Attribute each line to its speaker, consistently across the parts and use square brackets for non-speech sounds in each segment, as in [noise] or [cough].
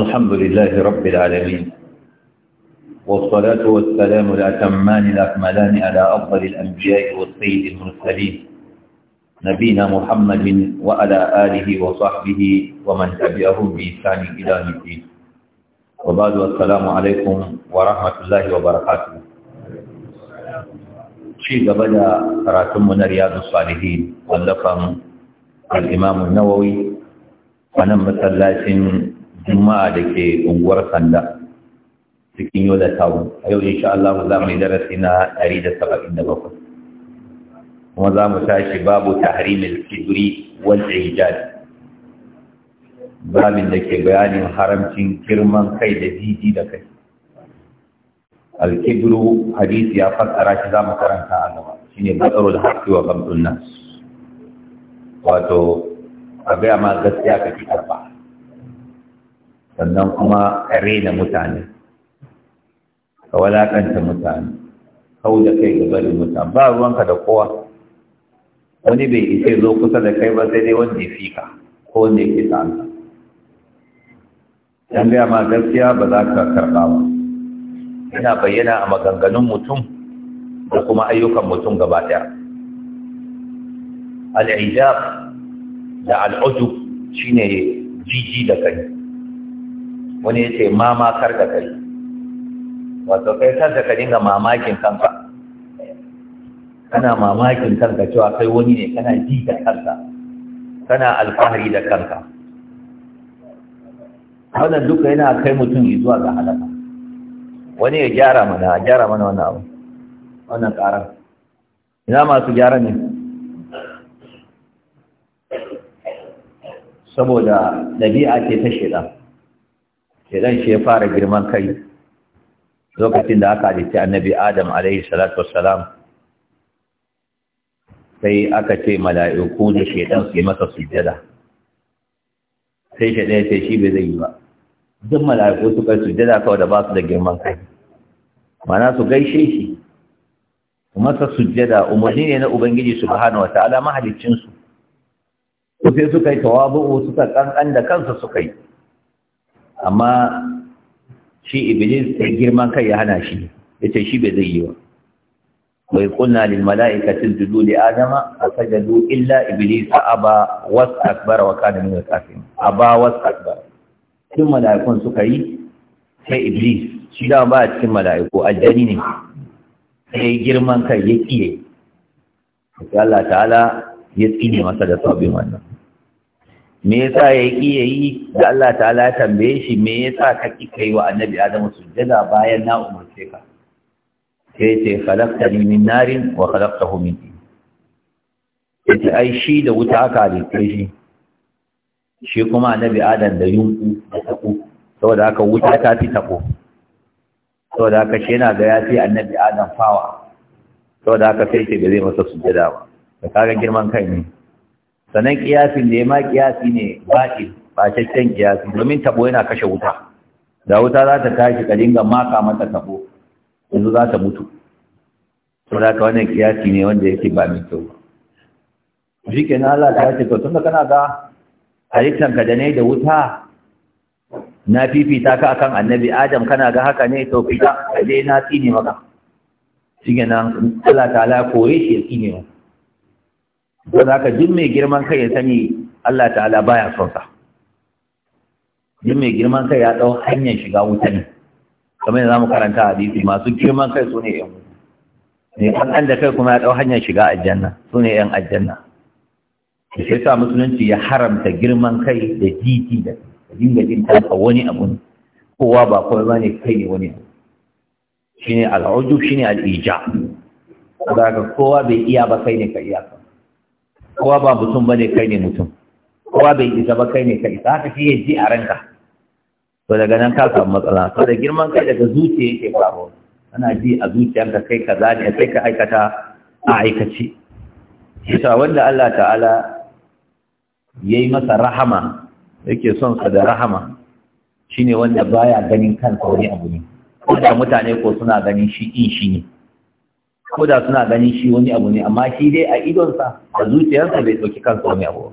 Speaker 1: الحمد لله رب العالمين والصلاة والسلام الأتمان الأكملان على أفضل الأنبياء والسيد المرسلين نبينا محمد وعلى آله وصحبه ومن تبعهم بإحسان إلى يوم الدين وبعد السلام عليكم ورحمة الله وبركاته شيء قبل راتمنا رياض الصالحين ولقم الإمام النووي wannan masallacin juma'a da ke unguwar sanda cikin yau da tawo a yau insha Allah za mu yi darasi na 177 kuma za mu tashi babu tahrimil kibri wal ijad babin da ke bayanin haramcin girman kai da jiji da kai alkibru hadisi ya fassara shi za mu karanta a gaba shine batsarul haqqi wa ghamdun nas wato a gaya ma gaskiya ka fi karɓa sannan kuma ka rena mutane ka walakanta mutane kau da kai ga barin mutane ba ruwanka da kowa wani bai isa zo kusa da kai ba sai dai wanda ya fi ka ko wanda ya ke sa'anta yan gaya ma gaskiya ba za ka karɓa ba yana bayyana a maganganun mutum da kuma ayyukan mutum gaba ɗaya al'ijab da al'udu shine jiji da kai wani yace mama kar da kai wato kai kar da ka dinga mamakin kanka kana mamakin kanka cewa kai wani ne kana ji da kanka kana alfahari da kanka wannan duka yana kai mutum zuwa ga halaka wani ya gyara mana a gyara mana wannan abu wannan ƙarar ina masu gyara ne saboda ɗabi'a ce ta shaidan shaidan shi ya fara girman kai lokacin da aka halitta annabi adam alaihi salatu wassalam sai aka ce mala'iku da shaidan su yi masa sujjada sai shaidan ya ce shi bai zai yi ba duk mala'iku su kai sujjada kawai da ba su da girman kai mana su gaishe shi masa sujjada umarni ne na ubangiji subhanahu wataala mahaliccin su to sai suka yi tawabu'u suka kankan da kansa suka yi amma shi iblis ya girman kai ya hana shi yace shi bai zai yi ba bai kunna lil mala'ikati tudu li adama asajadu illa iblis aba akbar wa kana min al-kafirin aba akbar duk mala'ikun suka yi sai iblis shi da ba cikin mala'iku aljani ne sai girman kai ya kiye Allah ta'ala ya tsine masa da sabbin wannan me yasa ya ya yi da Allah ta'ala ya tambaye shi me yasa ka ki kai wa annabi Adamu sujjada bayan na umarce ka sai ce khalaqtani min narin wa khalaqtahu min tin sai ai shi da wuta aka halitta shi shi kuma annabi Adam da yunku da tako saboda haka wuta ta fi tako saboda haka shi yana ga ya fi annabi Adam fawa saboda haka sai ce ba zai masa sujjada ba da kaga girman kai ne sannan kiyasin da ya ma kiyasi ne baɗi ɓacaccen kiyasi domin tabo yana kashe wuta da wuta za ta tashi ka dinga maka mata tabo yanzu za ta mutu saboda ka wannan kiyasi ne wanda yake ba mai kyau ba shi na Allah ta ce to tun da kana ga halittan ka da ne da wuta na fifita ka akan annabi Adam kana ga haka ne to fita je na tsine maka shi nan, Allah ta ala koye shi ya tsine maka ko za ka jin mai girman kai ya sani Allah ta'ala baya son sa jin mai girman kai ya dau hanyar shiga wuta ne kamar yadda mu karanta hadisi masu girman kai su ne yan wuta ne kan da kai kuma ya dau hanyar shiga aljanna ne yan aljanna shi sa musulunci ya haramta girman kai da jiji da dinga jin tafa wani abu ne kowa ba kowa ba ne kai ne wani abu shine al'ujub shine al'ija daga kowa bai iya ba kai ne ka iya ka kowa ba mutum bane kai ne mutum kowa bai isa ba kai ne kai isa haka shi ya ji a ranka to daga nan ka samu matsala to da girman kai daga zuciya yake faruwa ana ji a ka kai kaza ne sai ka aikata a aikace isa wanda Allah ta'ala yayi masa rahama yake son sa da rahama shine wanda baya ganin kansa wani abu ne wanda mutane ko suna ganin shi in shi ne ko da suna ganin shi wani abu ne amma shi dai a idonsa a zuciyarsa bai ɗauki kansa wani abu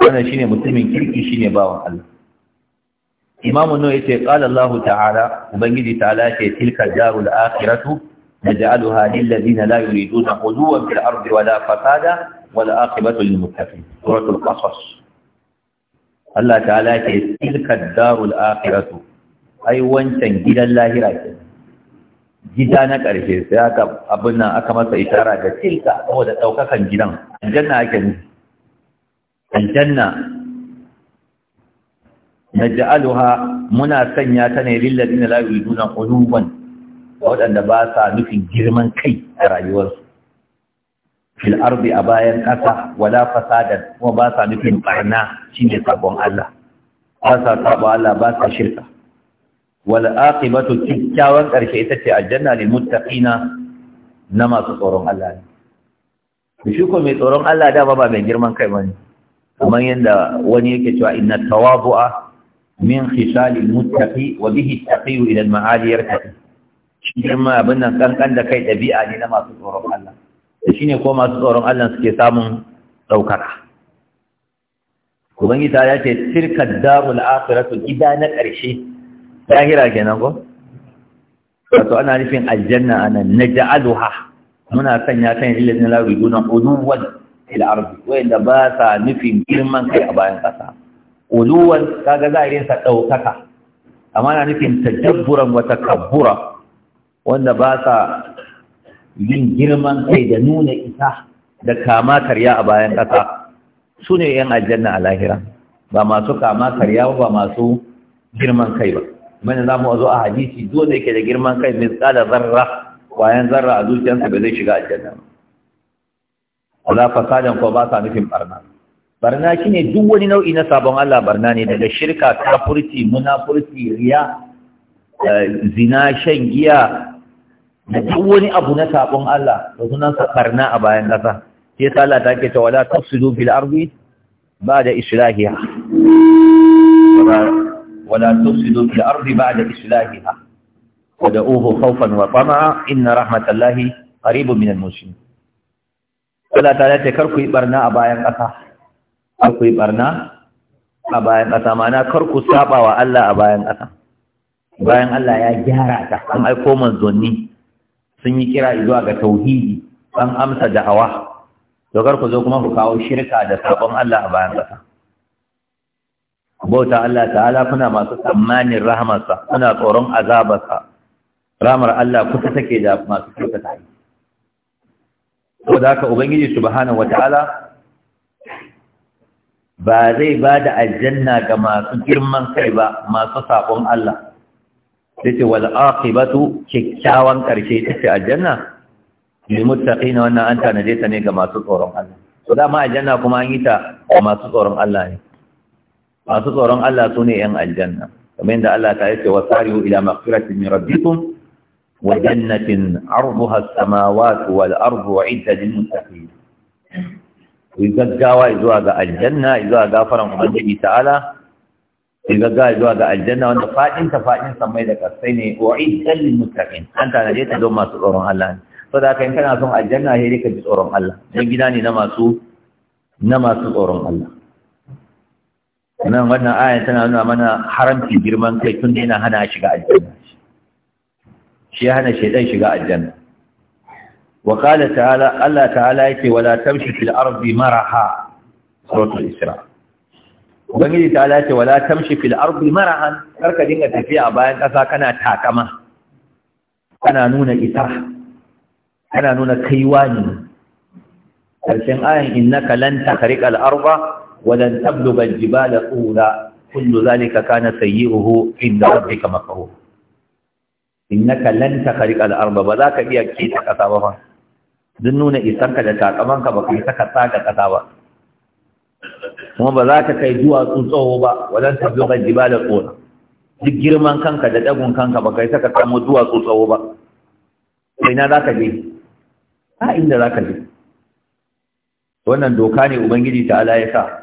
Speaker 1: wannan shine mutumin kirki shine bawan Allah Imam imamu no yace qala Allah ta'ala ubangiji ta'ala ce tilka darul akhiratu naj'aluha lil ladina la yuriduna huduwan fil ardi wala fasada wal aqibatu lil muttaqin suratul qasas Allah ta'ala ce tilka darul akhiratu ai wancan gidan lahira kenan gida na ƙarshe sai aka abin nan aka masa isara ga tilka saboda ɗaukakan gidan aljanna ake nufi aljanna na ja'aluha muna sanya ta ne lillazina la yuriduna uluwan waɗanda ba sa nufin girman kai a rayuwarsu fil ardi a bayan ƙasa wala fasadan kuma ba sa nufin barna shine sabon Allah ba sa sabon Allah ba sa shirka wal aqibatu kikkiawan karshe ita ce aljanna lil muttaqina na masu tsoron Allah ne shi ko mai tsoron Allah da ba mai girman kai bane kamar yanda wani yake cewa inna tawabu'a min khisal muttaqi wa bihi taqi ila al ma'ali yartaqi shi kuma abin nan kankan da kai dabi'a ne na masu tsoron Allah shi ne ko masu tsoron Allah suke samun ɗaukaka. Ubangiji ta ya ce, Cirka darul akiratu gida na ƙarshe lahira kenan ko wato ana nufin aljanna ana naj'aluha muna sanya kan illazina la yuriduna uluwan fil ardi wanda ba sa nufin girman kai a bayan kasa uluwan kaga za a yi sa daukaka amma ana nufin tadabburan wa takabbura wanda ba sa yin girman kai da nuna isa da kama karya a bayan kasa su ne yan aljanna a lahira ba masu kama karya ba masu girman kai ba mana za mu zo a hadisi dole yake da girman kai mai tsada zarra kwayan zarra a zuciyarsa ba zai shiga aljanna ba Allah fasadan ko ba sa nufin barna barna shine duk wani nau'i na sabon Allah barna ne daga shirka kafurci munafurci riya eh, zina shan giya da duk wani abu na sabon Allah da sunan sa barna a bayan ƙasa sai ta Allah ta ke ta wala tafsidu bil ardi ba da islahiha ولا تفسدوا في الأرض بعد إصلاحها ودعوه خوفا وطمعا إن رحمة الله قريب من المسلمين Allah ta ce kar ku yi a bayan ƙasa kar ku yi a bayan ƙasa mana kar ku wa Allah a bayan ƙasa bayan Allah ya gyara ta an aiko manzonni sun yi kira zuwa ga tauhidi an amsa da'awa to kar ku zo kuma ku kawo shirka da sabon Allah a bayan ƙasa bauta Allah ta'ala kuna masu tsammanin rahamarsa kuna tsoron azabarsa ramar Allah kusa take da masu kyautata yi
Speaker 2: Ko da haka ubangiji
Speaker 1: subhanahu wataala ba zai ba da aljanna ga masu girman kai ba masu saƙon Allah sai wal aqibatu kikkiawan karshe tace aljanna lil muttaqina wannan an tanaje ta ne ga masu tsoron Allah to dama aljanna kuma an yi ta ga masu tsoron Allah ne masu tsoron Allah su ne ‘yan aljanna kamar yadda Allah ta yi yace wasari'u ila maghfiratin min rabbikum wa jannatin arduha as wasu, wal ardu uiddat lil muttaqin ku gaggawa zuwa ga aljanna zuwa gafaran ubangiji ta'ala ku gaggawa zuwa ga aljanna wanda fadin ta fadin samai da kasai ne uiddat lil muttaqin an tanaje ta zo masu tsoron Allah ne So saboda haka in kana son aljanna sai ka ji tsoron Allah don gida ne na masu na masu tsoron Allah nan wannan aya tana nuna mana haramci girman kai tun yana hana shiga aljanna shi hana shaidan shiga aljanna wa qala ta'ala Allah ta'ala yake wala tamshi fil ardi maraha suratul isra ubangiji ta'ala yake wala tamshi fil ardi maraha karka dinga tafiya bayan kasa kana takama kana nuna ita, kana nuna kaiwa ne karshen ayan innaka lan takhriqa al arda ولن تبلغ الجبال طولا كل ذلك كان سيئه عند ربك مكروه innaka lan takhriqa al-ardh ba za ka iya keta kasa ba fa dun nuna isanka da takamanka ba kai saka tsaka kasa ba kuma ba za ka kai duwatsu tsawo ba wajen tabbuka jibala tsona duk girman kanka da dagun kanka ba kai saka samu duwatsu tsawo ba sai na za ka je a inda za ka je wannan doka ne ubangiji ta ala ya sa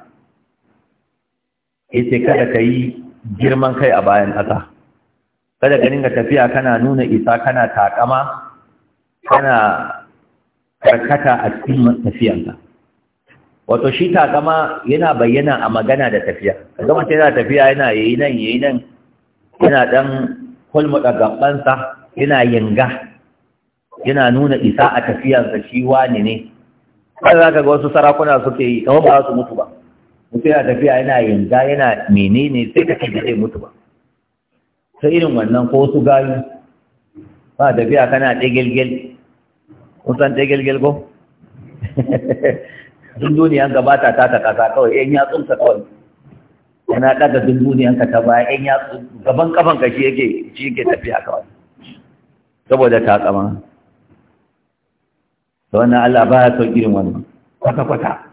Speaker 1: sai kada ka yi girman kai a bayan ƙasa kada ka dinga tafiya kana nuna isa kana taƙama, kana karkata a cikin tafiyanka wato shi taƙama yana bayyana a magana da tafiya kaga ta yana tafiya yana yayi nan yayi nan yana dan kulmuɗa gabansa yana yanga yana nuna isa a tafiyansa, shi wani ne kada za ka ga wasu sarakuna suke yi kamar ba za su mutu ba mutum yana tafiya yana yanga yana menene sai ka da zai mutu ba sai irin wannan ko su gayu ba tafiya kana ɗegelgel kun san ɗegelgel ko [laughs] duk duniyan ta ta kasa kawai yan yatsun ka kawai yana ɗaga duk ka ta baya yan yatsun gaban kafan ka shi yake shi yake tafiya kawai saboda ta tsama wannan Allah ba ya so irin wannan kwata-kwata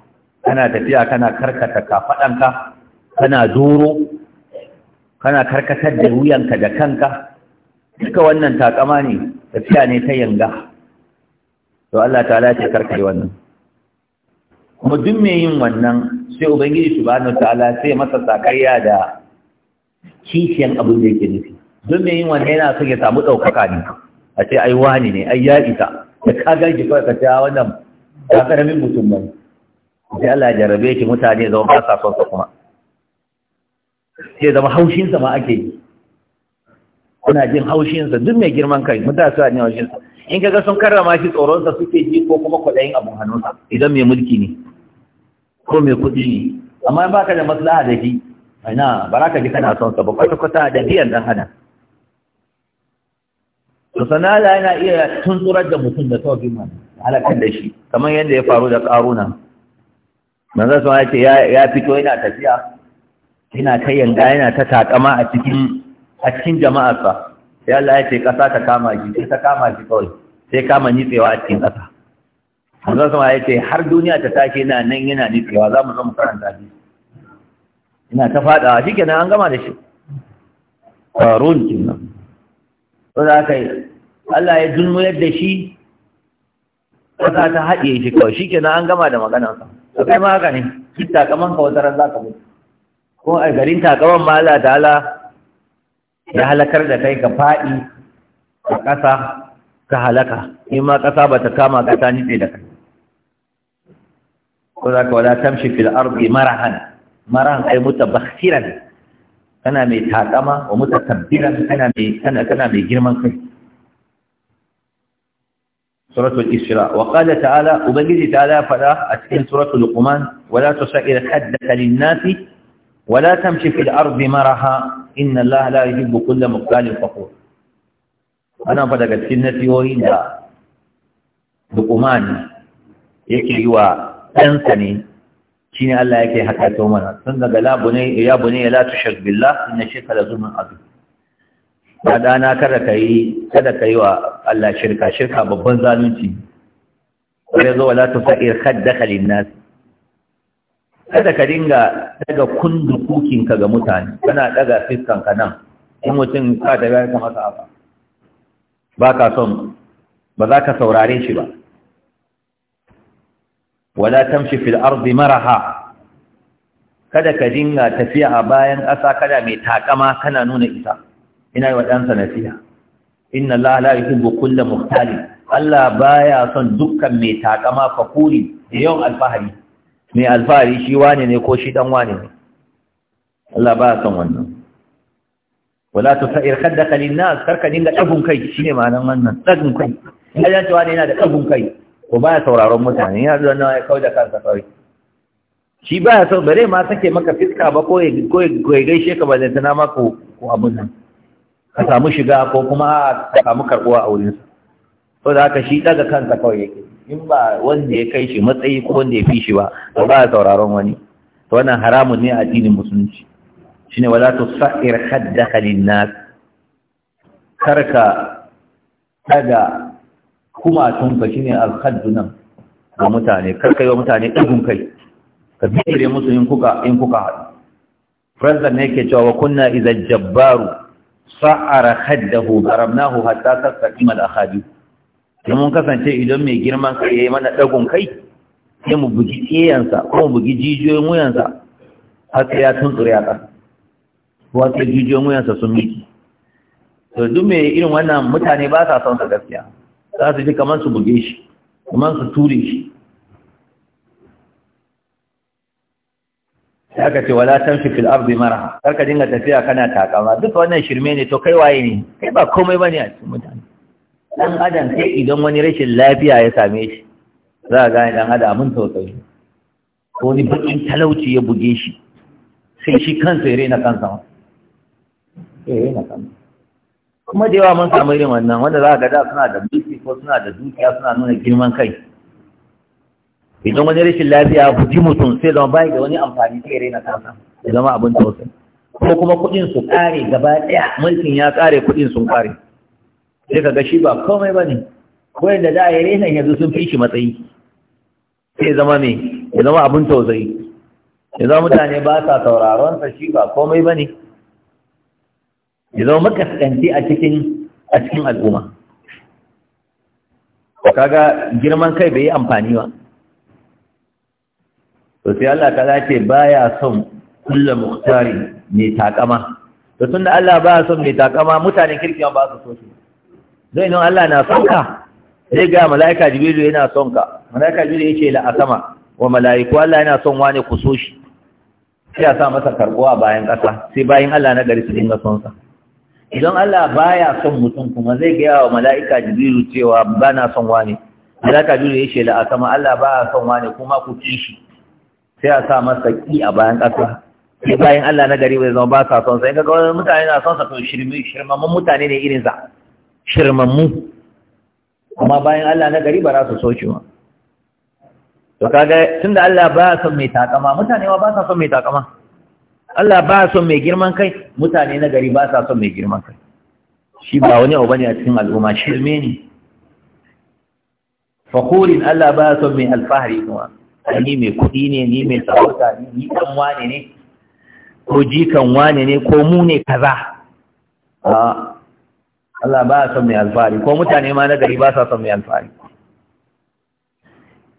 Speaker 1: kana tafiya kana karkata kafaɗanka kana doro kana karkatar da wuyanka da kanka duka wannan takama ne tafiya ne ta yanga to Allah ta'ala ce karkai wannan kuma duk mai yin wannan sai ubangiji subhanahu ta'ala sai masa sakayya da kishiyan abin da yake nufi duk mai yin wannan yana son ya samu ɗaukaka ne a ce ai wani ne ai ya isa da ka gaji kawai ka ta ah, wannan ta karamin mutum bane sai Allah ya jarabe shi mutane zama ba sa son kuma sai zama haushinsa sa ma ake yi kuna jin haushin sa duk mai girman kai mutane suna jin haushin sa in kaga sun karrama shi tsoron sa suke ji ko kuma kwaɗayin abun hannunsa idan mai mulki ne ko mai kuɗi ne amma in baka da maslaha da shi ina ba za ka ji kana son sa ba kwata kwata da biyan dan hana? to sanala yana iya tunturar da mutum da tawafin ma halakan da shi kamar yadda ya faru da ƙaruna. manzon sama ya ce ya fito yana tafiya yana ta yanda yana ta takama a cikin a cikin jama'arsa sai Allah ya ce ƙasa ta kama shi sai ta kama shi kawai sai kama nitsewa a cikin ƙasa manzon sama ya ce har duniya ta tashi yana nan yana nitsewa za mu zama karanta shi ina ta faɗawa shi kenan an gama da shi ƙarun kenan to da aka yi Allah ya dulmuyar yadda shi
Speaker 2: ƙasa ta haɗiye
Speaker 1: shi kawai shi kenan an gama da maganarsa to kai ma haka ne takaman ka za ka mutu Kuma a garin takaman ma Allah ta'ala ya halakar da kai ka faɗi a ƙasa ka halaka in ma ƙasa ba ta kama ƙasa ta da kai ko za ka wala tamshi fil ardi marahan marahan ay mutabakhiran kana mai takama wa mutakabbiran tabbiran. kana mai girman kai suratul isra wa qala ta'ala ubangiji ta'ala fada a cikin suratul luqman wala tusair haddaka lin-nasi wala tamshi fil ardi maraha inna allaha la yuhibbu kulla muqtalin ana fada ga cikin nasihohi da luqman yake yi wa ɗansa ne Shin Allah yake haka mana tun daga labune ya bune la tushrik billah inna ba ɗana kada ka yi kada ka yi wa Allah shirka shirka babban zalunci wanda zo wala ta fa'ir haddaka linnas kada ka dinga daga kundu kukinka ga mutane kana daga fiskanka nan in mutum ka da ta kamata haka ba ka son ba za ka saurare shi ba wala ta tamshi fil ardi maraha kada ka dinga tafiya a bayan ƙasa kada mai takama kana nuna isa ina yi wa ɗansa siya. inna Allah la yuhibbu kulla muhtalin Allah baya son dukkan mai takama fakuri da yawan alfahari mai alfahari shi wane ne ko shi ɗan wane ne Allah baya son wannan wala tusair khaddaka linnas karka dinga ɗagun kai shine ma'anar wannan ɗagun kai ina da cewa yana da ɗagun kai ko baya sauraron mutane yana zuwa nawa ya kauda kansa kawai shi baya son bare ma sake maka fiska ba ko ya gaishe ka ba zai tana maka ko abun nan ka samu shiga ko kuma ka samu karɓuwa a wurinsa ko da haka shi daga kansa kawai yake in ba wanda ya kai shi matsayi ko wanda ya fi shi ba to ba sauraron wani to wannan haramun ne a addinin musulunci shine wala tusahhir haddaka linnas karka daga tun ka shine al-haddu nan ga mutane karka yi wa mutane ɗagun kai ka bibire musu in kuka in kuka haɗu Fransa ne yake cewa wa kunna idza jabbaru sa'ara haddahu garamnahu hatta sassaƙi mal'akadi akhadi mun kasance idan mai girman kai ya yi mana ɗagun kai sai mu bugi tsayansa ko mu bugi jijiyoyin wuyansa har ya ya tuntsuri a ƙasa wato jijiyoyin wuyansa sun miki to duk mai irin wannan mutane ba sa son sa gaskiya za su ji kamar su buge shi kamar su ture shi aka ce wala tamshi fil ardi marha karka dinga tafiya kana takama duk wannan shirme ne to kai waye ne kai ba komai bane a cikin mutane dan adam sai idan wani rashin lafiya ya same shi za ka gane dan adam mun tausayi ko ni bakin talauci ya buge shi sai shi kansa ya rena kansa ya rena kansa kuma da yawa mun samu irin wannan wanda za ka ga da suna da mulki ko suna da dukiya suna nuna girman kai idan wani rashin lafiya buji mutum sai zama bai da wani amfani sai raina kansa ya zama abin tausayi ko kuma kuɗin su ƙare gaba ɗaya mulkin ya ƙare kuɗin sun ƙare sai ka ga shi ba komai ba ne ko da za a yi rena yanzu sun fi shi matsayi sai zama me ya zama abin tausayi ya zama mutane ba sa sauraron sa shi ba komai ba ne ya zama makaskanci a cikin a cikin al'umma kaga girman kai bai yi amfani ba to sai Allah ta zace baya son kullu muhtari mai takama to tunda Allah baya son mai takama mutane kirki ba su so shi zai nan Allah na son ka zai ga malaika jibril yana son ka malaika jibril yace la asama wa malaiku Allah yana son wani ku so shi sai ya sa masa karbuwa bayan kasa. sai bayan Allah na gari su dinga son sa idan Allah baya son mutum kuma zai ga wa malaika jibril cewa bana son wani malaika jibril yace la asama Allah baya son wani kuma ku kishi sai a sa masa ki a bayan ƙasa sai bayan Allah na gari bai zama ba sa son sa yanka kawai mutane na son sa to shirmi shirmammun mutane ne irin sa shirmammu amma bayan Allah na gari ba za su so shi ma to kaga da Allah ba son mai takama mutane ba sa son mai takama Allah ba son mai girman kai mutane na gari ba sa son mai girman kai shi ba wani abu bane a cikin al'umma shirme ne fakurin Allah ba son mai alfahari kuma ni mai kuɗi ne ni mai sarauta ne ni ɗan wane ne ko jikan wane ne ko mu ne kaza Allah ba son mai alfahari ko mutane ma na gari ba sa son mai alfahari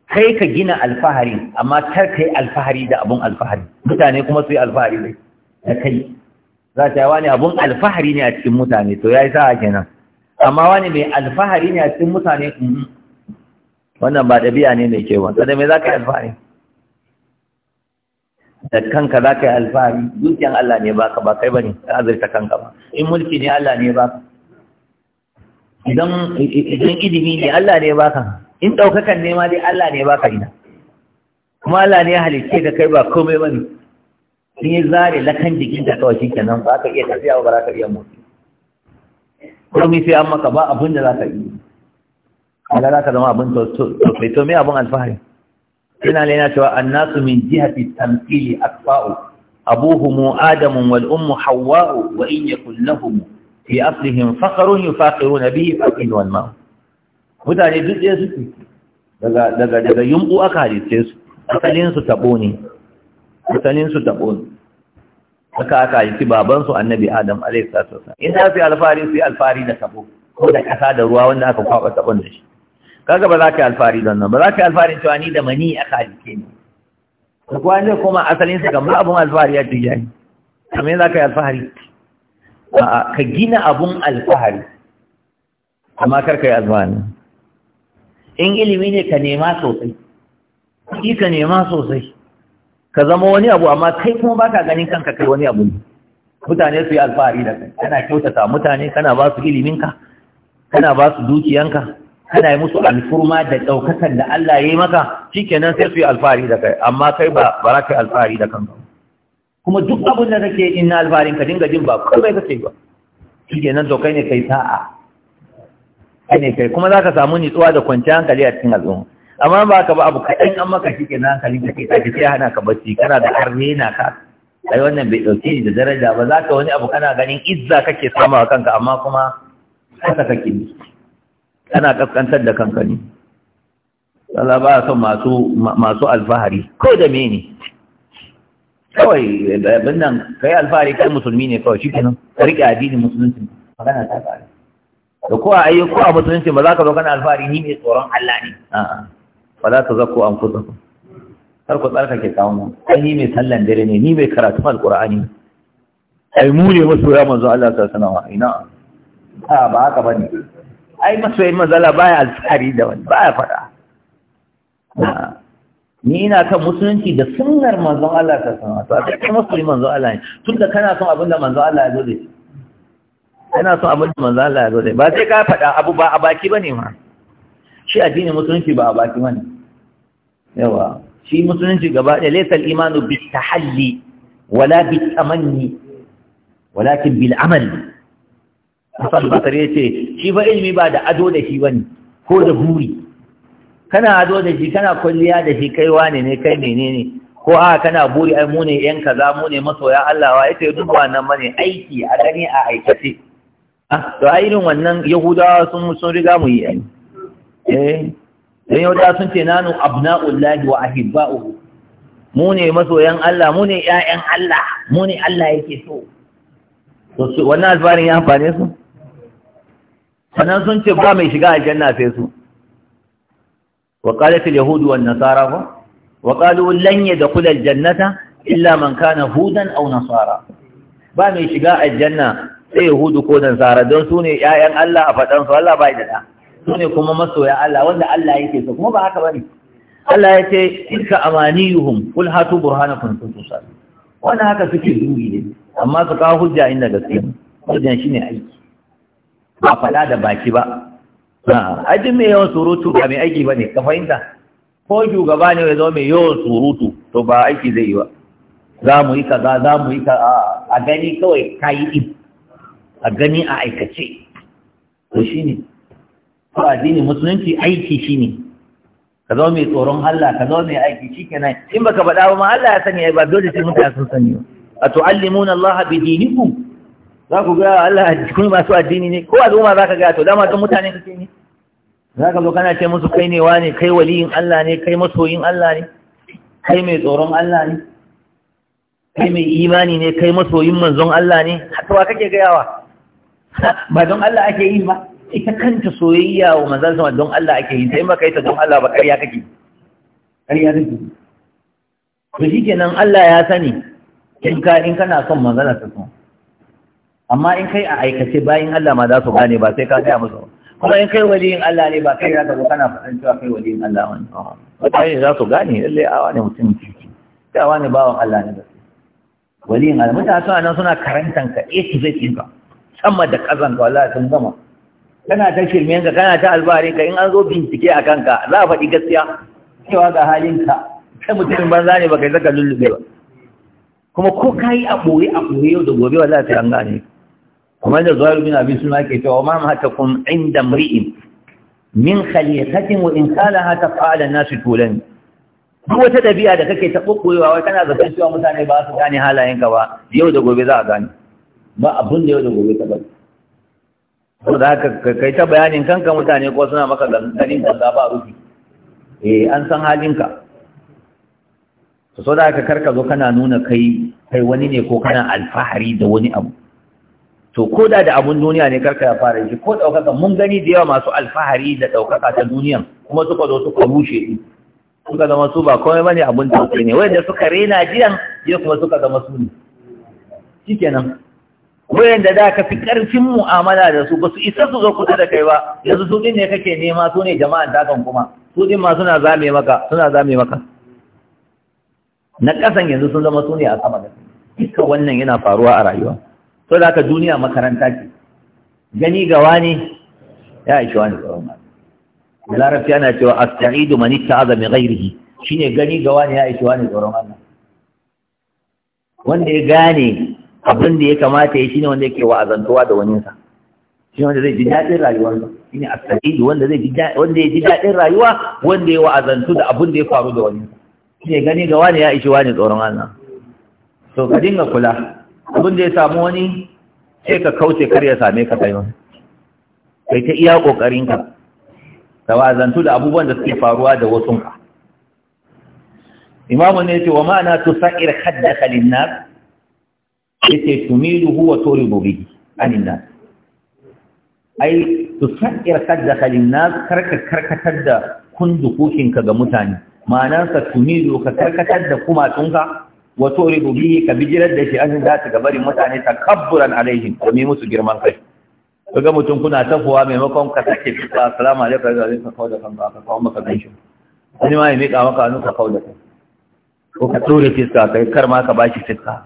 Speaker 1: kai ka gina alfahari amma kar ka yi alfahari da abun alfahari mutane kuma su yi alfahari da kai za ta yi wani abun alfahari ne a cikin mutane to ya yi sa'a kenan amma wani mai alfahari ne a cikin mutane wannan ba ɗabi'a ne mai kewa. wanda da mai za ka yi alfahari da kanka za ka yi alfahari dukiyan Allah ne ka ba kai ba ne ta azurta kanka ba in mulki ne Allah ne ba ka. idan idimi ne Allah ne ba ka. in ɗaukakan nema dai Allah ne ba ka ina kuma Allah ne ya halicce ka kai ba komai ba ne sun yi zare lakan jikinta kawai shi kenan ba ka iya tafiya ba za ka iya motsi komai sai an maka ba abin da za ka iya ala za ka zama abin tausayi to abin alfahari ina laina cewa annasu min jihati tamthili akfa'u abuhumu adamu wal ummu hawwa'u wa in yakul lahum fi yi. wal mutane duk ɗaya suke daga daga daga aka halice su asalin su tabo ne asalin su tabo ne aka halice baban su annabi adam alaihi in da fi alfari fi alfari da tabo ko da ƙasa da ruwa wanda aka kwaba tabon da shi kaga ba za ka yi alfahari don nan ba za ka yi alfahari cewa ni da mani aka ke ni da kuwa ne kuma asalin sa kamar abun alfahari ya tuya ni kamar za ka yi alfahari ka gina abun alfahari amma kar ka yi alfahari in ilimi ne ka nema sosai ki ka nema sosai ka zama wani abu amma kai kuma baka ganin kanka kai wani abu ne mutane su yi alfahari da kai kana kyautata mutane kana ba su iliminka kana ba su dukiyanka kana yi musu alfurma da ɗaukakan da Allah ya yi maka shikenan sai su yi alfahari da kai amma kai ba ba za ka yi alfahari da ba kuma duk abin da kake in na alfaharin ka dinga jin ba komai kake ba shikenan to kai ne kai sa'a kai ne kai kuma za ka samu nutsuwa da kwanciyar hankali a cikin al'umma amma ba ka ba abu kaɗan an maka shikenan hankali ka ke tafi sai hana ka bacci kana da har rena ka ai wannan bai ɗauke ni da daraja ba za ka wani abu kana ganin izza kake samawa kanka amma kuma kasa kake ni kana kaskantar da kanka ne Allah ba son masu masu alfahari ko da mene kawai abin nan kai alfahari kai musulmi ne kawai shi kenan ka rike addinin musulunci magana ta kare da ko a ayi ko a musulunci ba za ka zo kana alfahari ni ne tsoron Allah ne a'a ba za ka zakko an fusa ku har ku tsarkake kawun kai ni mai sallan dare ne ni mai karatu alqur'ani ai mu ne masoya manzo Allah ta sanawa ina a ba haka bane ai masoyin mazala baya alfahari da wani baya faɗa ni ina kan musulunci da sunnar manzon Allah ta sama to sai kai masoyin manzon Allah ne tunda kana son abin da manzon Allah ya zo da shi kana son abin da manzon Allah ya zo da ba sai ka faɗa abu ba a baki bane ma shi addinin musulunci ba a baki bane yawa shi musulunci gaba ɗaya laysa al-imanu bit-tahalli wala bit-tamanni walakin bil amali Hassan ya ce shi ba ilimi ba da ado da shi ba ne, ko da buri kana ado da shi kana kulliya da shi kai wane ne kai ne? Ne ko a kana buri ai mu ne yan kaza mu ne masoya Allah wa ita duk wannan ne aiki a gani a aikace ah, to a irin wannan yahudawa sun sun riga mu yi ai eh dan yahudawa sun ce nanu abna'ullahi wa ahibba'uhu mu ne masoyan Allah mu ne ƴaƴan Allah mu ne Allah yake so wannan albarin ya amfane su sannan sun ce ba mai shiga aljanna sai su wa qalat al wan nasara fa wa qalu lan yadkhul al illa man kana hudan aw nasara ba mai shiga aljanna sai yahudu ko nasara don su ne ƴaƴan Allah a fadan su Allah bai da da su ne kuma masoya Allah wanda Allah yake so kuma ba haka bane Allah ya ce tilka amaniyuhum kul hatu burhanakum kuntum sadiqin wannan haka suke dubi ne amma su ka hujja inda gaskiya hujjan shine aiki ba fada da baki ba a duk mai yawan surutu ba mai aiki ba ne ka fahimta ko shugaba ne ya zama mai yawan surutu to ba aiki zai yi ba za mu yi kaza za mu yi kaza a gani kawai ka yi ɗin a gani a aikace to shi ne ko addini musulunci aiki shi ne ka zama mai tsoron Allah ka zama mai aiki shi kenan in baka faɗa ba ma Allah ya sani ai ba dole sai mutane sun sani ba a to tu'allimuna Allah bi dinikum za ku gaya Allah [laughs] kun masu addini ne kowa zuma za ka gaya to dama kan mutane kake ne za ka zo kana ce musu kai ne wane kai waliyin Allah ne kai masoyin Allah ne kai mai tsoron Allah ne kai mai imani ne kai masoyin manzon Allah ne hatuwa wa kake gayawa [laughs] ba don Allah ake yi ba ita kanta soyayya wa manzon sama don Allah ake yi sai in kai ta don Allah ba ƙarya kake ƙarya kake to shikenan Allah ya sani in ka in kana son manzon sa amma in kai a aikace bayan Allah ma za su gane ba sai ka gaya musu kuma in kai waliyin Allah ne ba kai za ka kana faɗan cewa kai waliyin Allah wani mutane za su gane lalle a wani mutum kirki da wani bawan Allah ne waliyin Allah mutane suna nan suna karantan ka eh zai zai ba sama da kazan ka wallahi sun gama kana ta shirmen ka kana ta albari ka in an zo bincike a kanka za a faɗi gaskiya cewa ga halin ka kai mutumin banza ne ba kai zaka lullube ba kuma ko kayi a ɓoye a ɓoye yau da gobe wallahi sai an gane ka kuma da zuwa rubin abin suna ke cewa ma mata kun inda mri'in min khaliqatin wa in salaha na nasu tulan duk wata dabi'a da kake ta kokkoyewa wai kana zaton cewa mutane ba su gane halayenka ba yau da gobe za a gane ba abun da yau da gobe ta bari saboda haka kai ta bayanin kanka mutane ko suna maka ganin ganga ba rufi eh an san halinka so da haka karka zo kana nuna kai kai wani ne ko kana alfahari da wani abu to ko da da abun duniya ne karka ya fara shi ko ɗaukaka mun gani da yawa masu alfahari da ɗaukaka ta duniyan kuma suka zo suka rushe shi suka zama su ba komai bane abun da ne wanda suka rena jiyan ya kuma suka zama su ne shikenan wayanda da ka fi karfin mu'amala da su ba su isa su zo kusa da kai ba yanzu su din ne kake nema su ne jama'an takan kuma su din ma suna zame maka suna zame maka na ƙasan yanzu sun zama su ne a sama da duka wannan yana faruwa a rayuwa to da aka duniya makaranta ce gani ga wani ya ishi wani tsawon Allah da larabci yana cewa astaidu ta azami gairihi Shi ne gani ga wani ya ishi wani tsoron Allah wanda ya gane abin da ya kamata ya shi ne wanda yake wa'azantuwa da wani sa shi wanda zai ji daɗin rayuwar sa shi ne asali wanda zai ji wanda ya ji daɗin rayuwa wanda ya wa'azantu da abin da ya faru da wani shi ne gani ga wani ya ishi wani tsoron Allah to ka dinga kula abin da ya samu wani sai ka kauce kar ya same ka kai wani kai ta iya kokarin ka wazantu da abubuwan da suke faruwa da wasu ka imamu ne ce, wa ma'ana Sa'ir tusair haddaka linnas yace tumiluhu wa turidu bihi anin nas ai sa'ir hadda haddaka linnas karka karkatar da kundukukinka ga mutane ma'anarsa tumilu ka karkatar da kuma tunka? wa turidu bihi ka bijirar da shi an da ta bari mutane ta takabburan alaihim domin musu girman kai kaga mutum kuna tafowa maimakon ka sake fita assalamu alaikum wa ka kawo da kan ka kawo maka gaishe wani ma ya miƙa maka hannu ka kawo da kai ko ka tsore fiska kai kar ma ka bashi fiska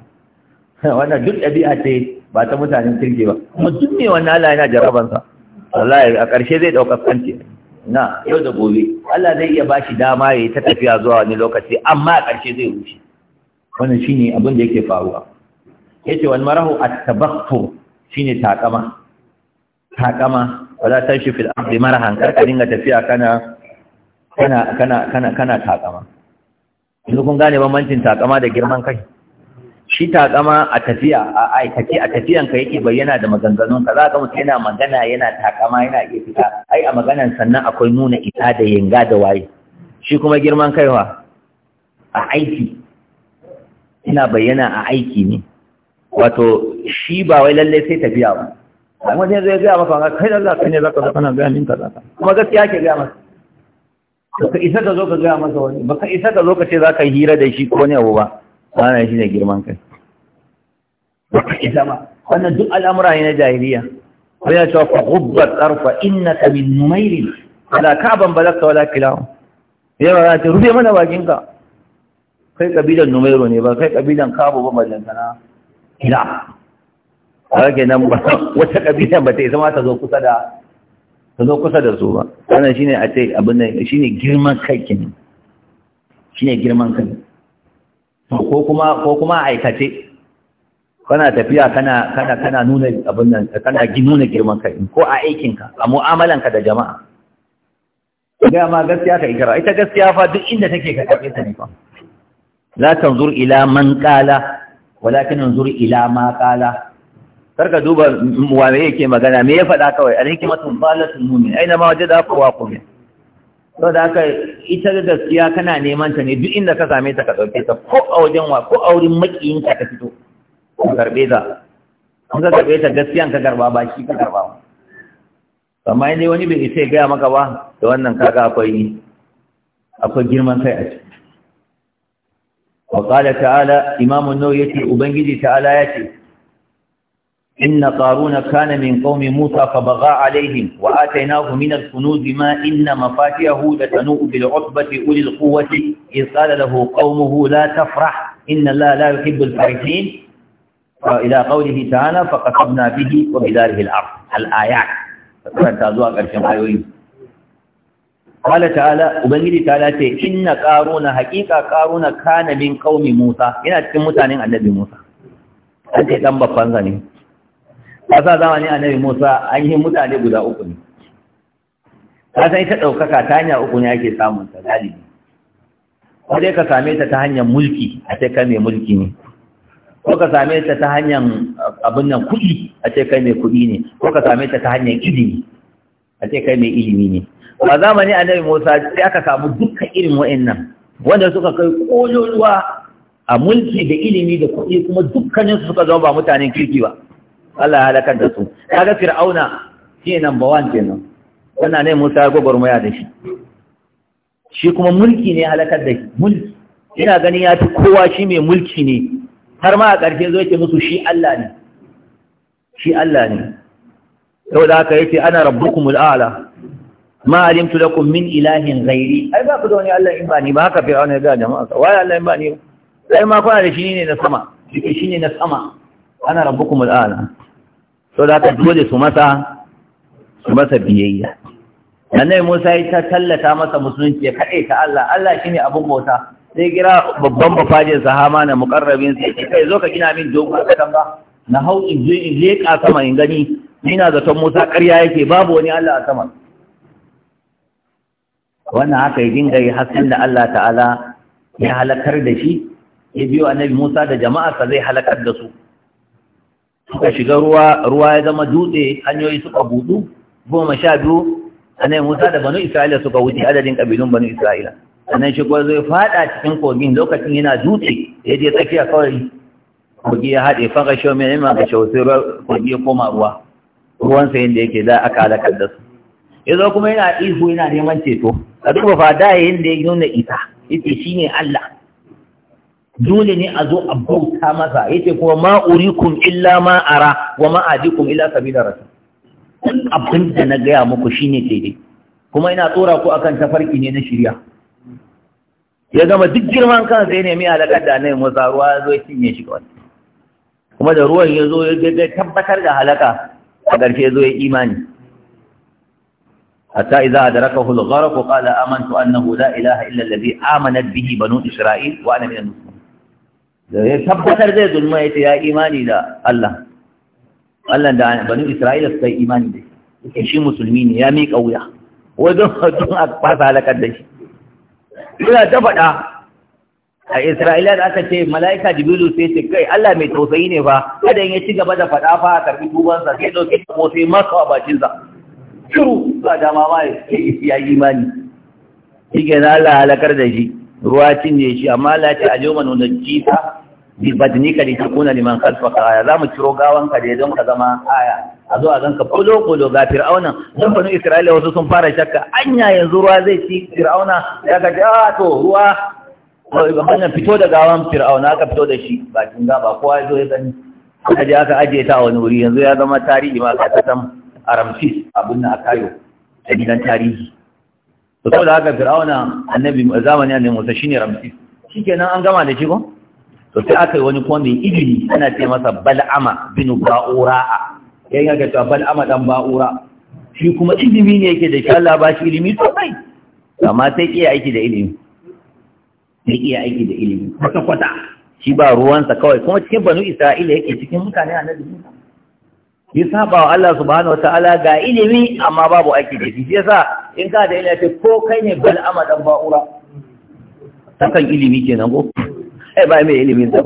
Speaker 1: [laughs] wannan duk ɗabi'a ce ba ta mutanen kirki ba kuma duk ne wannan Allah yana jarabansa wallahi a ƙarshe zai ɗauka kanti na yau da gobe Allah zai iya bashi dama ya yi ta tafiya zuwa wani lokaci amma a ƙarshe zai rushe wannan ne abin da yake faruwa ce wani marahu a tabakhtur shine takama takama taƙama ba za ta shi karka dinga mara hankar ka dinga tafiya kana takama yanzu kun gane bambancin takama da girman kai shi takama a tafiya a aikace a tafiyan ka yake bayyana da maganganun ka za ka mutu yana magana yana takama yana iya fita ai a maganan sannan akwai nuna ita da yanga da waye shi kuma girman kaiwa a aiki ina bayyana a aiki ne wato shi ba wai lalle sai tafiya ba a wajen zai gaya maka kai Allah kai ne ka zo kana gaya min kaza kuma gaskiya ke gaya masa baka isa ka zo ka gaya masa wani baka isa ka zo ka ce za ka hira da shi ko ne abu ba wannan ne girman kai baka isa ba wannan duk al'amura ne na jahiliya Wani ya cewa tsarfa tarfa innaka min numairi ala ka balagta wala kilawa yawa za ta rufe mana bakinka kai kabilan numero ne ba kai kabilan kabo ba majantana ina a rage nan ba wata kabila ba ta isa mata ta zo kusa da ta zo kusa da su ba wannan shine a ce abin nan shine girman kai kenan shine girman kai ko kuma ko kuma aikace kana tafiya kana kana kana nuna abin nan kana nuna girman kai ko a aikinka a mu'amalanka da jama'a ga ma gaskiya ka ikira ita gaskiya fa duk inda take ka kafe ta ne fa la tanzur ila man qala walakin anzur ila ma qala karka duba wa me yake magana me ya faɗa kawai matan dalatul mu'min aina ma wajada fawa qum to da haka ita da gaskiya kana neman ta ne duk inda ka same ta ka dauke ta ko a wajen wa ko a wurin makiyin ka ka fito ka karbe ta an ka garbe ta gaskiyan ka garba ba shi ka karba amma ne wani bai sai gaya maka ba da wannan kaga akwai akwai girman kai a ciki وقال تعالى إمام النووي أبنجي تعالى يتي إن قارون كان من قوم موسى فبغى عليهم وآتيناه من الكنوز ما إن مفاتيه لتنوء بالعصبة أولي القوة إذ قال له قومه لا تفرح إن الله لا يحب الفرحين إلى قوله تعالى فقصبنا به وبداره الأرض الآيات فكرة تازوها قرشم Kwala ta'ala, Ubangiji ta'ala ce, inna ƙaruna, haƙiƙa ƙaruna kana min ƙaumi Musa, yana cikin mutanen annabi Musa. An ce ɗan babban zane. Ƙasa zamani annabi Musa an yi mutane guda uku ne. Ka san ita ɗaukaka ta hanya uku ne ake samun ta galibi. Ko dai ka same ta ta hanyar mulki, a ce kai mai mulki ne. Ko ka same ta ta hanyar abin nan kuɗi, a ce kai mai kuɗi ne. Ko ka same ta ta hanyar ilimi, a ce kai mai ilimi ne. a zamani a nabi Musa sai aka samu dukkan irin wa'annan wanda suka kai kololuwa a mulki da ilimi da kuɗi kuma dukkanin su suka zama ba mutanen kirki ba Allah ya halakar da su kaga fir'auna shi number one kenan wanda ne Musa ya gwagwarmaya da shi shi kuma mulki ne halakar da mulki ina gani ya fi kowa shi mai mulki ne har ma a ƙarshe zai yake musu shi Allah ne shi Allah ne yau da aka yace ana rabbukumul a'la ma alimtu lakum min ilahin ghairi ai ba ku da wani Allah in ba ni ba haka fir'auna ya ga jama'a sa, wai Allah in ba ni sai ma kuna da shi ne na sama shi ne na sama ana rabbukum al'ala so da ka dole su masa su masa biyayya annabi Musa ya ta tallata masa musulunci ya kade ta Allah Allah shine abun bauta sai kira babban bafajin sahama na muqarrabin sai kai zo ka gina min dogo dogon katanga na hau in je in leka sama in gani ina zaton Musa ƙarya yake babu wani Allah a sama wannan haka ya dinga yi hasken da Allah ta'ala ya halakar da shi ya biyo annabi Musa da jama'arsa zai halakar da su suka shiga ruwa ruwa ya zama dutse hanyoyi suka budu goma sha biyu annabi Musa da banu Isra'ila suka wuce adadin kabilun banu Isra'ila sannan shi zai fada cikin kogin lokacin yana dutse ya je tsakiya kawai kogi ya haɗe fara mai ma ga kogi ya koma ruwa ruwan sayin yake da aka halakar da su ya kuma yana ihu yana neman ceto a duba fada yayin da ya nuna isa yace shine Allah dole ne a zo a bauta masa yace kuma ma urikum illa ma ara wa ma ajikum illa sabila rasul abin da na gaya muku shine daidai kuma ina tsora ku akan tafarki ne na shirya ya gama duk girman sai ne nemi alaƙar da annabi Musa ruwa ya zo ya cinye shi kuma da ruwan ya zo ya tabbatar da halaka a ƙarshe zo ya imani حتى إذا أدركه الغرق قال آمنت أنه لا إله إلا الذي آمنت به بنو إسرائيل وأنا من المسلمين tabbatar zai zulma ya ce ya imani da Allah Allah da banu Isra'ila suka yi imani da shi musulmi ne ya miƙa wuya wajen hatun a fasa halakar da shi yana ta faɗa a Isra'ila da aka ce mala'ika Jibilu sai ce kai Allah mai tausayi ne fa kada ya ci gaba da faɗa a karɓi tubansa sai ɗauke a bakinsa shiru ba dama ma ya yi imani shi ke na Allah halakar da shi ruwa cinye shi amma Allah ce a yau manu na jisa bi badnika ne takuna liman khalfaka aya za mu ciro gawanka da ya don ka zama aya a zo a ka kulo kulo ga fir'auna sun banu isra'ila wasu sun fara shakka anya yanzu ruwa zai ci fir'auna ya ga ja ah, to ruwa wannan fito da gawan fir'auna aka fito da shi bakin gaba kowa ya zo ya sani. aka je aka ajiye ta a wani wuri yanzu ya zama tarihi ma ka ta a ramsis abin na a a gidan tarihi to sau da haka fir'auna annabi zamani annabi musa shine ramsis shikenan an gama da shi ko? to sai aka yi wani kuma mai ana ce masa bal'ama bin ba'ura'a yayin haka cewa bal'ama dan ba'ura shi kuma ilimi ne yake da shi Allah ba shi ilimi sosai amma sai iya aiki da ilimi sai iya aiki da ilimi kwata kwata shi ba ruwansa kawai kuma cikin banu isra'ila yake cikin mutane annabi musa ya saba wa Allah subhanahu wataala ga ilimi amma babu aiki da shi yasa in ka da ilimi ko kai ne bal ama dan ba'ura takan ilimi kenan ko eh ba mai ilimin sa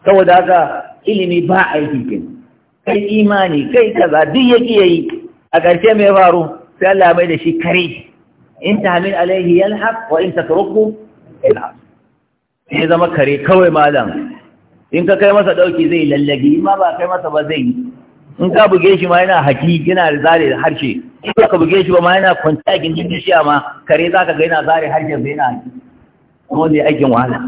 Speaker 1: saboda haka ilimi ba aiki kenan kai imani kai kaza duk yake yayi a ƙarshe mai faru sai Allah mai da shi kare in ta min alaihi yalhaq wa in tatruku yalhaq sai zama kare kawai malam in ka kai masa dauki zai lallabi in ma ba kai masa ba zai yi in ka buge shi ma yana haki yana zare harshe in ka buge shi ba ma yana kwanta gindin shi ma kare za ka ga yana zare harshe sai yana haki kuma ne aikin wahala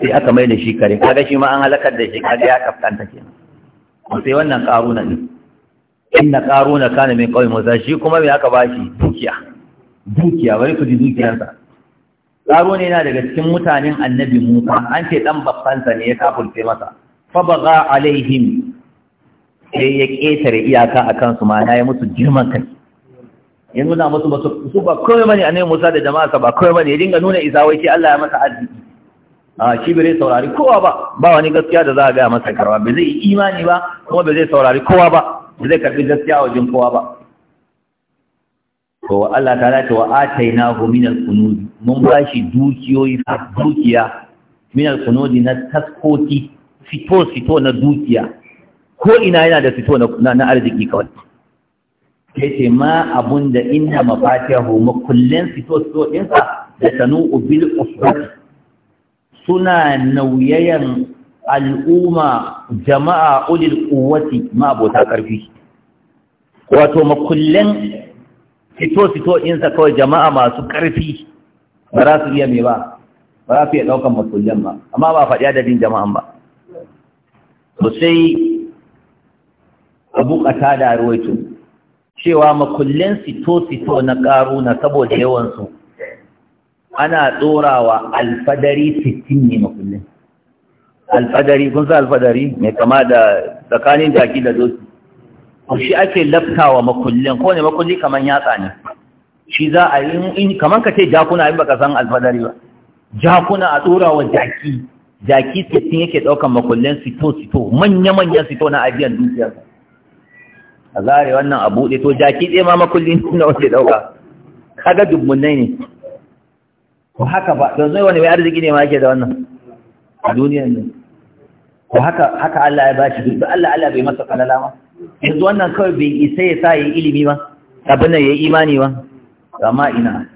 Speaker 1: sai aka mai da shi kare kaga shi ma an halakar da shi kaga ya kaftanta kenan sai wannan karuna ne inna karuna kana min qaumi musa shi kuma me aka bashi dukiya dukiya bari ku ji dukiyarsa ne yana daga cikin mutanen annabi musa an ce dan sa ne ya kafulce masa fa baga alaihim sai ya ƙetare iyaka a kansu ma ya musu girman kai ya nuna musu ba su ba kawai a annabi Musa da jama'arsa ba kawai mani ya dinga nuna isa wai ke Allah ya masa arziki a shi bai saurari kowa ba ba wani gaskiya da za a gaya masa karwa bai zai yi imani ba kuma bai zai saurari kowa ba bai zai karbi gaskiya wajen kowa ba to Allah ta lati wa atainahu min al-kunuz mun bashi dukiyoyi dukiya min al na taskoti fito fito na dukiya ko ina yana da fito na arziki kawai ya ce ma abun da inda mafatihu kullum fito fito ɗinsa da sanu ubil usbati suna nauyayen al'umma jama'a ulil kuwati ma abota ƙarfi wato makullin fito-fito ɗinsa kawai jama'a masu ƙarfi ba za su iya mai ba ba za su iya ɗaukan makullin ba amma ba faɗi adadin jama'an ba sosai abu da ruwaito cewa makullin sito sito na na saboda yawan su ana tsorawa alfadari sittin ne makullin alfadari kun sa alfadari mai kama da tsakanin jaki da doki shi ake laftawa makullin ko ne makulli kaman yatsa ne shi za a yi kaman ka ce jakuna in baka san alfadari ba jakuna a tsorawa jaki jaki sittin yake ɗaukan makullin sito sito manya-manyan sito na ajiyar dukiyarsa a zare wannan a buɗe to jaki ɗaya ma makullin [laughs] na wanda ɗauka kaga dubbunai ne ko haka ba don zai wani mai arziki ne ma yake da wannan a duniyar ne ko haka haka Allah ya bashi duk Allah Allah bai masa kalala ma yanzu wannan kawai bai isa ya sa yi ilimi ba abin nan yi imani ba amma ina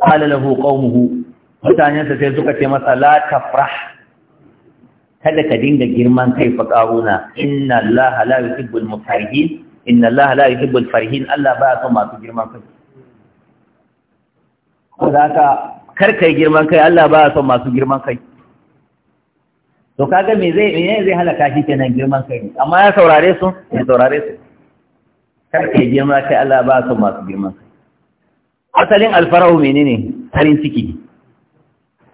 Speaker 1: kala lahu qaumuhu mutanensa sai suka ce masa la tafrah kada ka dinga girman kai fa ƙaruna inna allaha la yuhibbul mufarihin inna Allah la yuhibbul farihin Allah ba son masu girman kai ko da ka karkai girman kai Allah ba son masu girman kai to kaga me zai me zai halaka shi kenan girman kai amma ya saurare su ya saurare su karkai girman kai Allah ba son masu girman kai asalin alfarahu menene farin ciki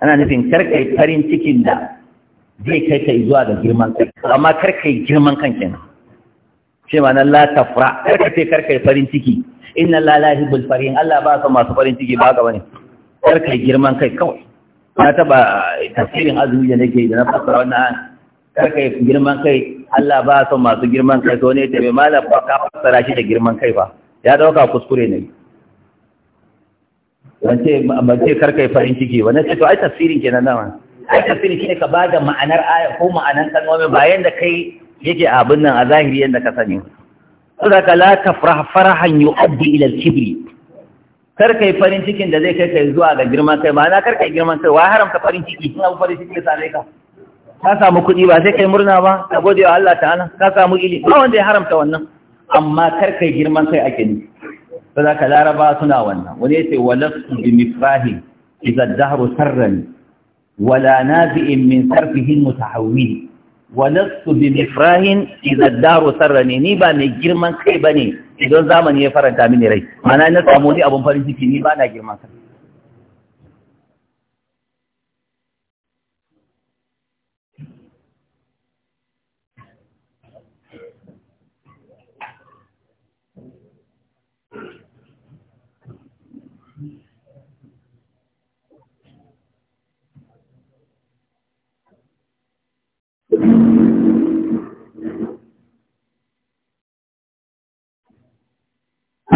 Speaker 1: ana nufin karkai farin cikin da zai kai kai zuwa ga girman kai amma karkai girman kan kenan shi ma nan la tafra karka ce karka farin ciki inna la la yuhibbul farihin Allah ba sa masu farin ciki ba ga bane karka girman kai kawai na taba tafsirin azumi da nake da na fassara wannan karka girman kai Allah ba sa masu girman kai to ne tabe mai malam ba ka fassara shi da girman kai ba ya dauka kuskure ne wance ban ce karka farin ciki ba ce to ai tafsirin kenan nan ai tafsirin shine ka bada ma'anar aya ko ma'anar kalmomi ba yanda kai yake abin nan a zahiri yadda ka sani saboda la tafrah farahan yu'addi ila al-kibri kar kai farin cikin da zai kai kai zuwa ga girman kai ba, ma'ana kar kai girman kai wa haramta farin ciki kin abu farin ciki ya same ka ka samu kuɗi ba sai kai murna ba ka gode wa Allah ta'ala ka samu ili? ba wanda ya haramta wannan amma kar kai girman kai ake ni saboda ka laraba suna wannan wani yace walastu bi mifrahi idza dahru sarran wala nazi'in min sarfihi mutahawwil walastu bi mifrahin idan daru sarrani ni ba mai girman kai ba ne idan zamani ya faranta mini rai mana na samu ni abin farin ciki ni ba na girman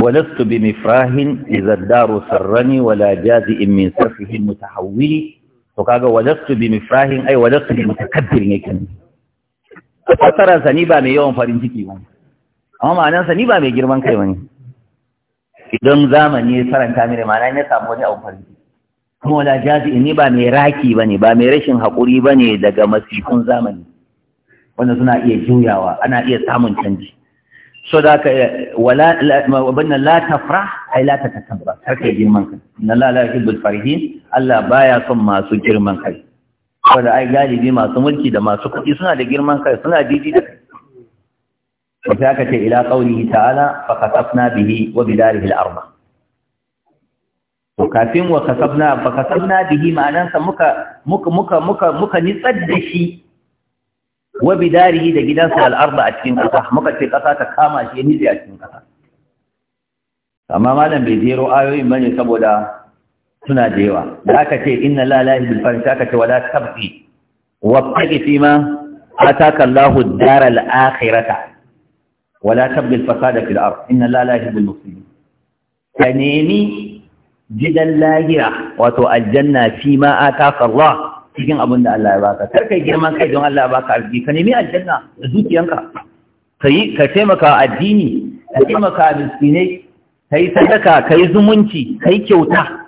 Speaker 1: ولست بمفراح اذا الدار سرني ولا جازئ من سفه المتحول فكذا ولست بمفراح اي ولست بمتكبر يكن فترى با مي يوم فرنجكي وان أما معنى با مي جرمان كاي واني idan zamani ya faranta mini ma'ana ya samu wani abu farin kuma wala jazi ni ba mai raki bane ba mai rashin haƙuri bane daga masifun zamani wanda suna iya juyawa ana iya samun canji so da ka eh, wala wannan la tafra ai la tatakabba kar kai girman kai inna la la yuhibbul farihin Allah baya son masu girman kai wanda ai galibi masu mulki da masu kuɗi suna da girman kai suna jiji da kai sai aka ce ila qaulihi ta'ala fa qasafna bihi wa bidarihi al Arba. to kafin wa kasabna fa kasabna bihi ma'anansa muka muka muka muka muka nitsar da shi wa bidarihi da gidansa al'arba a cikin ƙasa muka ce ƙasa ta kama shi ya nitse a cikin ƙasa amma malam bai jero ayoyin bane saboda suna da yawa da aka ce inna la ilaha illa anta aka ce wala tabqi wa tabqi fi ma ataka Allahu ad-dar al-akhirata wala tabqi al-fasada fil ard inna la ilaha illa al-mufsidin ka nemi gidan lahira wato aljanna fi ma ataka Allah cikin abin da Allah ya baka kar kai girman kai don Allah ya baka arziki ka nemi aljanna da zuciyanka ka yi ka taimaka addini ka taimaka miskinai ka yi sadaka ka yi zumunci ka yi kyauta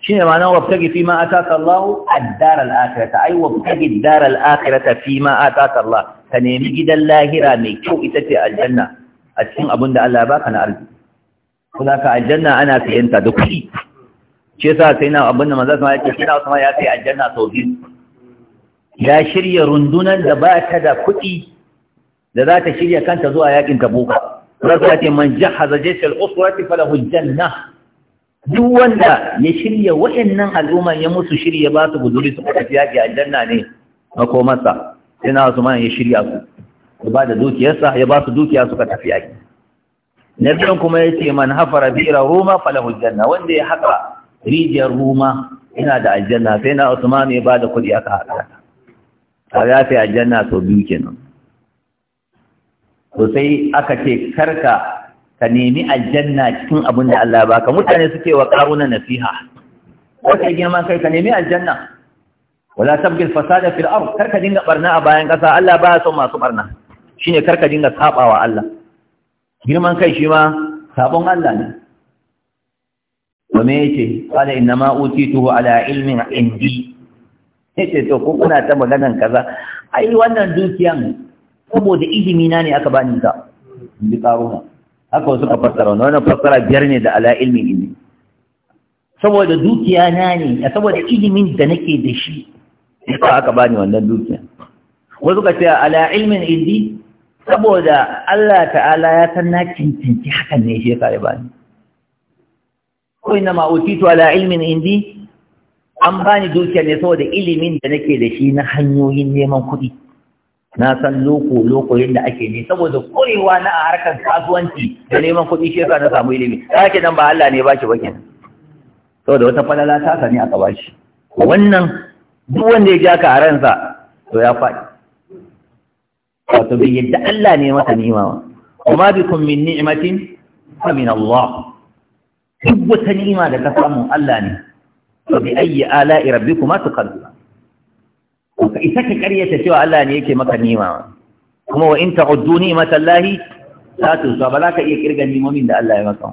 Speaker 1: shi ne ma'anar wabtagi fi ma ataka Allah addar al-akhirata ai wabtagi dar al-akhirata fi ma ataka Allah ka nemi gidan lahira mai kyau ita ce aljanna a cikin abin da Allah ya baka na arziki kuma ka aljanna ana sayanta da kuɗi shi yasa sai na abin da manzo sama yake shi na Usman ya sai aljanna sau biyu ya shirya rundunar da ba ta da kuɗi da za ta shirya kanta zuwa yakin za ta ce man jahaza jaysal usrati falahu aljanna duk wanda ya shirya wa'annan al'umma ya musu shirya ba su guduri su tafi yaki aljanna ne makomarsa sai na Usman ya shirya su ya ba da dukiyarsa ya ba su dukiya suka tafi yake. na kuma ya ce man hafara bira roma falahu aljanna wanda ya haka rijiyar ruma ina da aljanna sai na wasu mamaye ba bada kuɗi aka haɗa ta ya fi aljanna sau biyu kenan to sai aka ce karka ka nemi aljanna cikin abin da Allah baka mutane suke wa karuna nasiha wata man kai ka nemi aljanna wala tabgil fasada fil ard karka dinga barna a bayan kasa Allah baya son masu barna shine karka dinga sabawa Allah girman kai shi ma sabon Allah ne to me yace qala inna ma utituhu ala ilmin indi yace to ko kuna ta maganan kaza ai wannan dukiyan saboda ilimi na ne aka bani ta bi karuna haka wasu ka fassara wannan fassara biyar ne da ala ilmin indi saboda dukiya na ne saboda ilimin da nake da shi ba aka bani wannan dukiya wasu ka ce ala ilmin indi saboda Allah ta'ala ya san na cancanci hakan ne shi ya kare bani ko inna ma utitu ala ilmin indi an bani dukiyar ne saboda ilimin da nake da shi na hanyoyin neman kuɗi na san loko loko ake ne saboda korewa na a harkar kasuwanci da neman kuɗi shi yasa na samu ilimi ta ke nan ba Allah ne ba ki ba kenan saboda wata falala ta sani aka ba wannan duk wanda ya ja ka a ransa to ya faɗi wato bai yadda Allah ne masa ni'ima ba kuma bikum min ni'matin fa min Allah duk wata ni'ima da ka samu Allah ne to bi ayyi ala'i rabbikuma ko ka isa ka karyata cewa Allah ne yake maka ni'ima kuma wa in ta'uddu ni'matallahi la tusa bala za ka iya kirga ni'imomin da Allah ya maka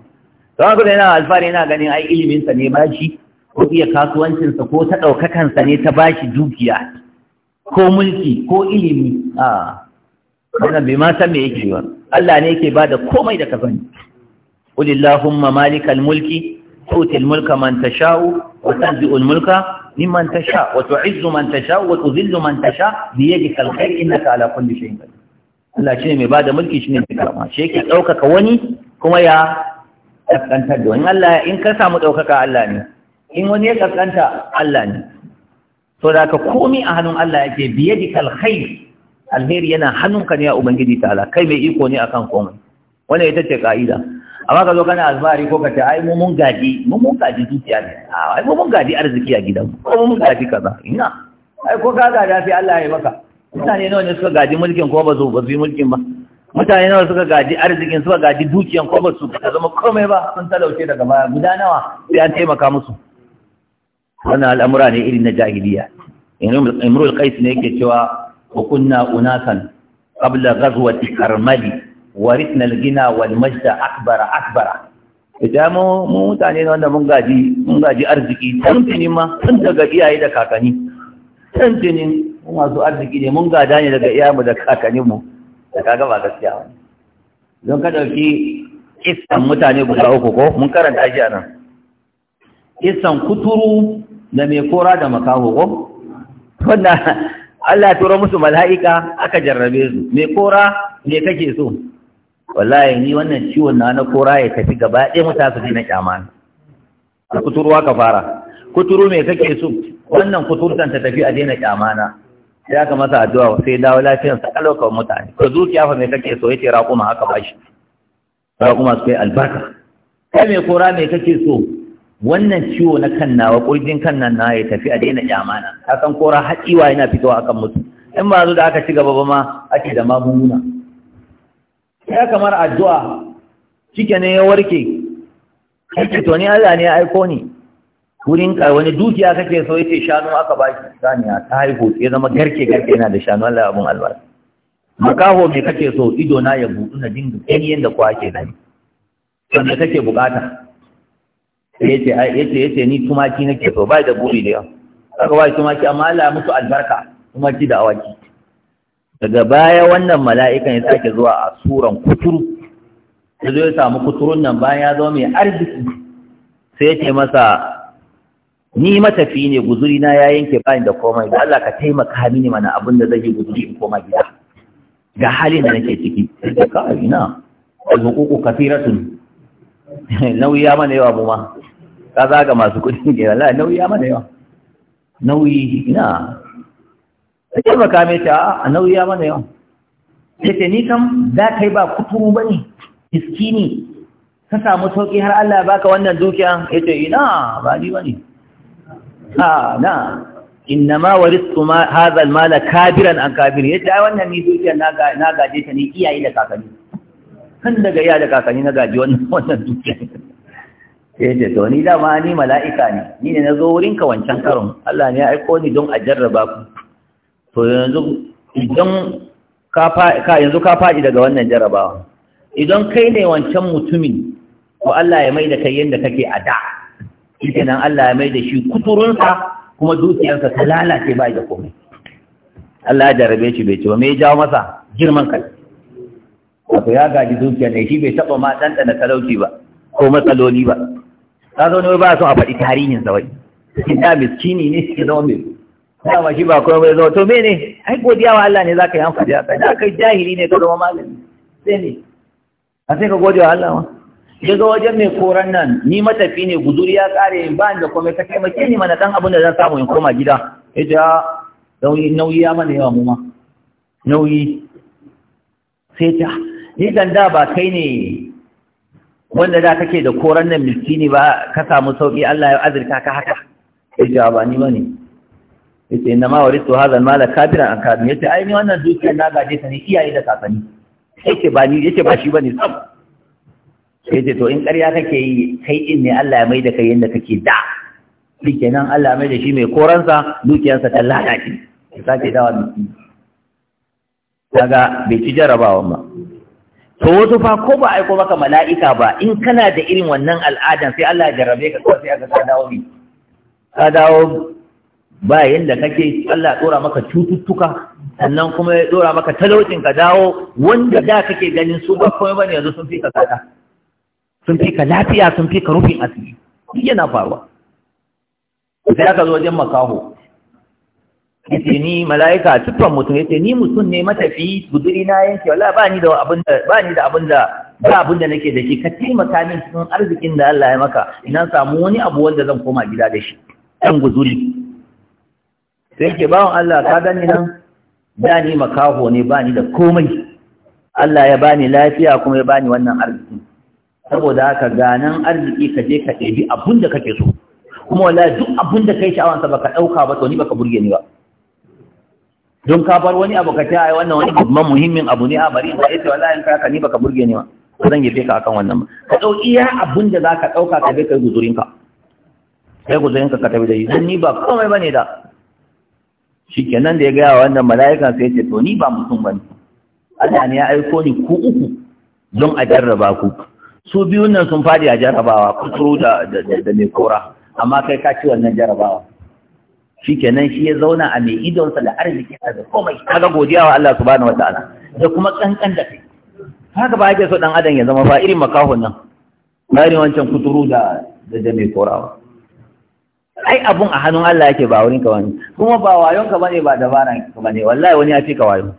Speaker 1: to haka dai yana alfari yana ganin ai ilimin sa ne bashi ko iya kasuwancin sa ko ta daukakan sa ne ta bashi dukiya ko mulki ko ilimi a wannan bai ma san me yake ba Allah ne yake bada komai da ka sani قل اللهم مالك الملك تؤتي الملك من تشاء الملك ممن تشاء وتعز من تشاء وتذل من تشاء بيدك الخير على كل شيء قدير ya ka samu Allah ne in wani ya ƙasƙanta Allah ne to da ka komi a hannun Allah yake biye di alheri yana hannunka ne ya ubangiji ta'ala kai mai iko ne akan komai wannan ita ce ka'ida amma ka zo kana alfahari ko ka ce ai mu mun gaji mu mun gaji dukiya ne ai mu mun gaji arziki a gidan ko mu mun gaji kaza ina ai ko ka gada sai Allah ya yi maka mutane nawa ne suka gaji mulkin ko ba su ba su yi mulkin ba mutane nawa suka gaji arzikin suka gaji dukiyan ko ba su ka zama komai ba sun talauce daga baya guda nawa sai an taimaka musu wannan al'amura ne irin na jahiliya imrul qais ne yake cewa wa kunna unasan qabla ghazwati karmali waritna al-gina wal majda akbara akbara idan mu mutane ne wanda mun gaji mun gaji arziki tantini ma tun daga iyaye da kakanni tantini masu arziki ne mun gada ne daga iyayenmu da mu da kaga ba gaskiya ba don ka dauki isan mutane guda uku ko mun karanta shi anan isan kuturu da mai kora da makaho ko wanda Allah ya turo musu mala'ika aka jarrabe su mai kora me kake so wallahi ni wannan ciwon na na kora ya tafi gaba ɗaya mata su na kyama a kuturuwa ka fara kuturu me kake so wannan kuturtan ta tafi a daina kyama na ya ka masa addu'a sai dawo lafiyar sa kalau ka mutane ka zuciya fa me kake so yace raƙuma haka bashi
Speaker 2: raƙuma su kai albarka
Speaker 1: kai me kora me kake so wannan ciwo na kan nawa kurjin kan nan na ya tafi a daina kyama na ka san kora haƙiwa yana fitowa akan mutum in ba zo da aka ci gaba ba ma ake da magunguna ya kamar addu'a cike ne ya warke kake to ni Allah ne ya aiko ni wurin ka wani dukiya kake so yace shanu aka baki saniya ta haihu ya zama garke garke yana da shanu Allah abun albarka makaho me kake so ido na ya budu na dinga kai yanda ko ake gani wanda kake bukata yace yace yace ni tumaki nake so bai da buri da yawa kaga bai tumaki amma Allah ya musu albarka tumaki da awaki daga baya wannan mala'ikan ya sake zuwa a suran kuturu ya zo ya samu kuturun nan bayan ya zama mai arziki sai ya ce masa ni matafi ne guzuri na ya yanke bayan da komai da Allah ka taimaka mini mana abin da zai yi guzuri in koma gida ga halin da nake ciki sai ka kawai ina al-huququ kathiratun [laughs] nauyi ya mana yawa mu ma ka zaga masu kudin ke wallahi nauyi ya mana yawa nauyi ina ba taimaka mai ta a nauyi ya mana yawan sai ce ni kam za ka yi ba kuturu ba ne iski ne ka samu sauƙi har Allah ba ka wannan dukiya ya ce ina ba ni ba ne ha na inna ma waristu ma hadha da kabiran an kabir ce ai wannan ni dukiya na gaje ta ne iyaye da kakanni kan daga iya da kakanni na gaji wannan dukiya sai ce to ni dama ni mala'ika ne ni ne na zo wurin wancan karon Allah ne ya aiko ni don a jarraba ku to yanzu idan ka yanzu ka faɗi daga wannan jarabawa idan kai ne wancan mutumin ko Allah ya mai da kai yanda kake a da shi nan Allah ya mai da shi kuturunsa kuma dukiyarsa ta lalace ba da komai Allah ya jarabe shi bai ci ba me ya jawo masa girman kai wato ya gaji dukiya ne shi bai taɓa ma ɗanɗana talauci ba ko matsaloli ba ka zo ne ba so a faɗi tarihin sa wai da miskini ne shi zama mai dama shi ba kuma bai zama to mene ai godiya wa Allah ne zaka yi amfani da kai kai jahili ne ka zama malami sai ne a sai ka gode wa Allah ma ya ga wajen mai koran nan ni matafi ne guduri ya kare ba ni da komai ka taimake ni mana dan abin da zan samu in koma gida ita nauyi nauyi ya mana yawa mu ma nauyi sai ta ni dan da ba kai ne wanda da kake da koran nan miskini ba ka samu sauki Allah ya azurta ka haka ita ba ni ba ne. yace inna ma waritu hadha al-mala kabiran an kabir yace ai ni wannan dukiyar na gaje ta ne iyaye da kafani yace ba ni yace ba shi bane sab yace to in ƙarya kake yi kai din ne Allah ya mai da kai yanda kake da shikenan Allah ya mai da shi mai koransa dukiyarsa ta lalace ya sake dawa miki kaga bai ci jarabawa ba to wasu fa ko ba aiko maka mala'ika ba in kana da irin wannan al'adan sai Allah ya jarrabe ka sai aka ka dawo ka dawo ba yanda kake Allah ya dora maka cututtuka sannan kuma ya dora maka talaucin ka dawo wanda da kake ganin su ba komai bane yanzu sun fi ka kada sun fi ka lafiya sun fi ka rufin asiri yana faruwa sai aka zo wajen makaho yace ni mala'ika a tuffan mutum yace ni mutum ne matafi guduri na yanke wala ba ni da abin da ba ni da abin da ba abin da nake da shi ka taimaka min cikin arzikin da Allah ya maka ina samu wani abu wanda zan koma gida da shi dan guduri sai ke bawon Allah ka gani nan da ni makaho ne ba ni da komai Allah ya bani lafiya kuma ya bani wannan arziki saboda haka ganan arziki ka je ka ɗebi abin da kake so kuma wallahi duk abin da kai sha'awansa baka ɗauka ba to ni baka burge ni ba don ka bar wani abu ka ta yi wannan wani babban muhimmin abu ne a bari ba yace wallahi in ka ni baka burge ni ba zan yi ka akan wannan ba ka ɗau iya abin da zaka ɗauka ka je kai guzurinka kai guzurinka ka tafi da yi. don ni ba komai bane da shikenan da ya gaya wa wannan mala'ikan sai ce to ni ba mutum bane Allah ne ya aiko ni ku uku don a jarraba ku su biyu nan sun fadi a jarrabawa kuturu da da mai kora amma kai ka ci wannan jarrabawa shikenan shi ya zauna a mai idonsa da arziki da komai kaga godiya wa Allah subhanahu ta'ala da kuma kankan da kai haka ba ake so dan adam ya zama ba irin makahon nan ba irin wancan kuturu da da mai korawa ai abun a hannun Allah yake ba wurin ka wani kuma ba wayon ka bane ba dabaran ka bane wallahi wani ya fi ka wayo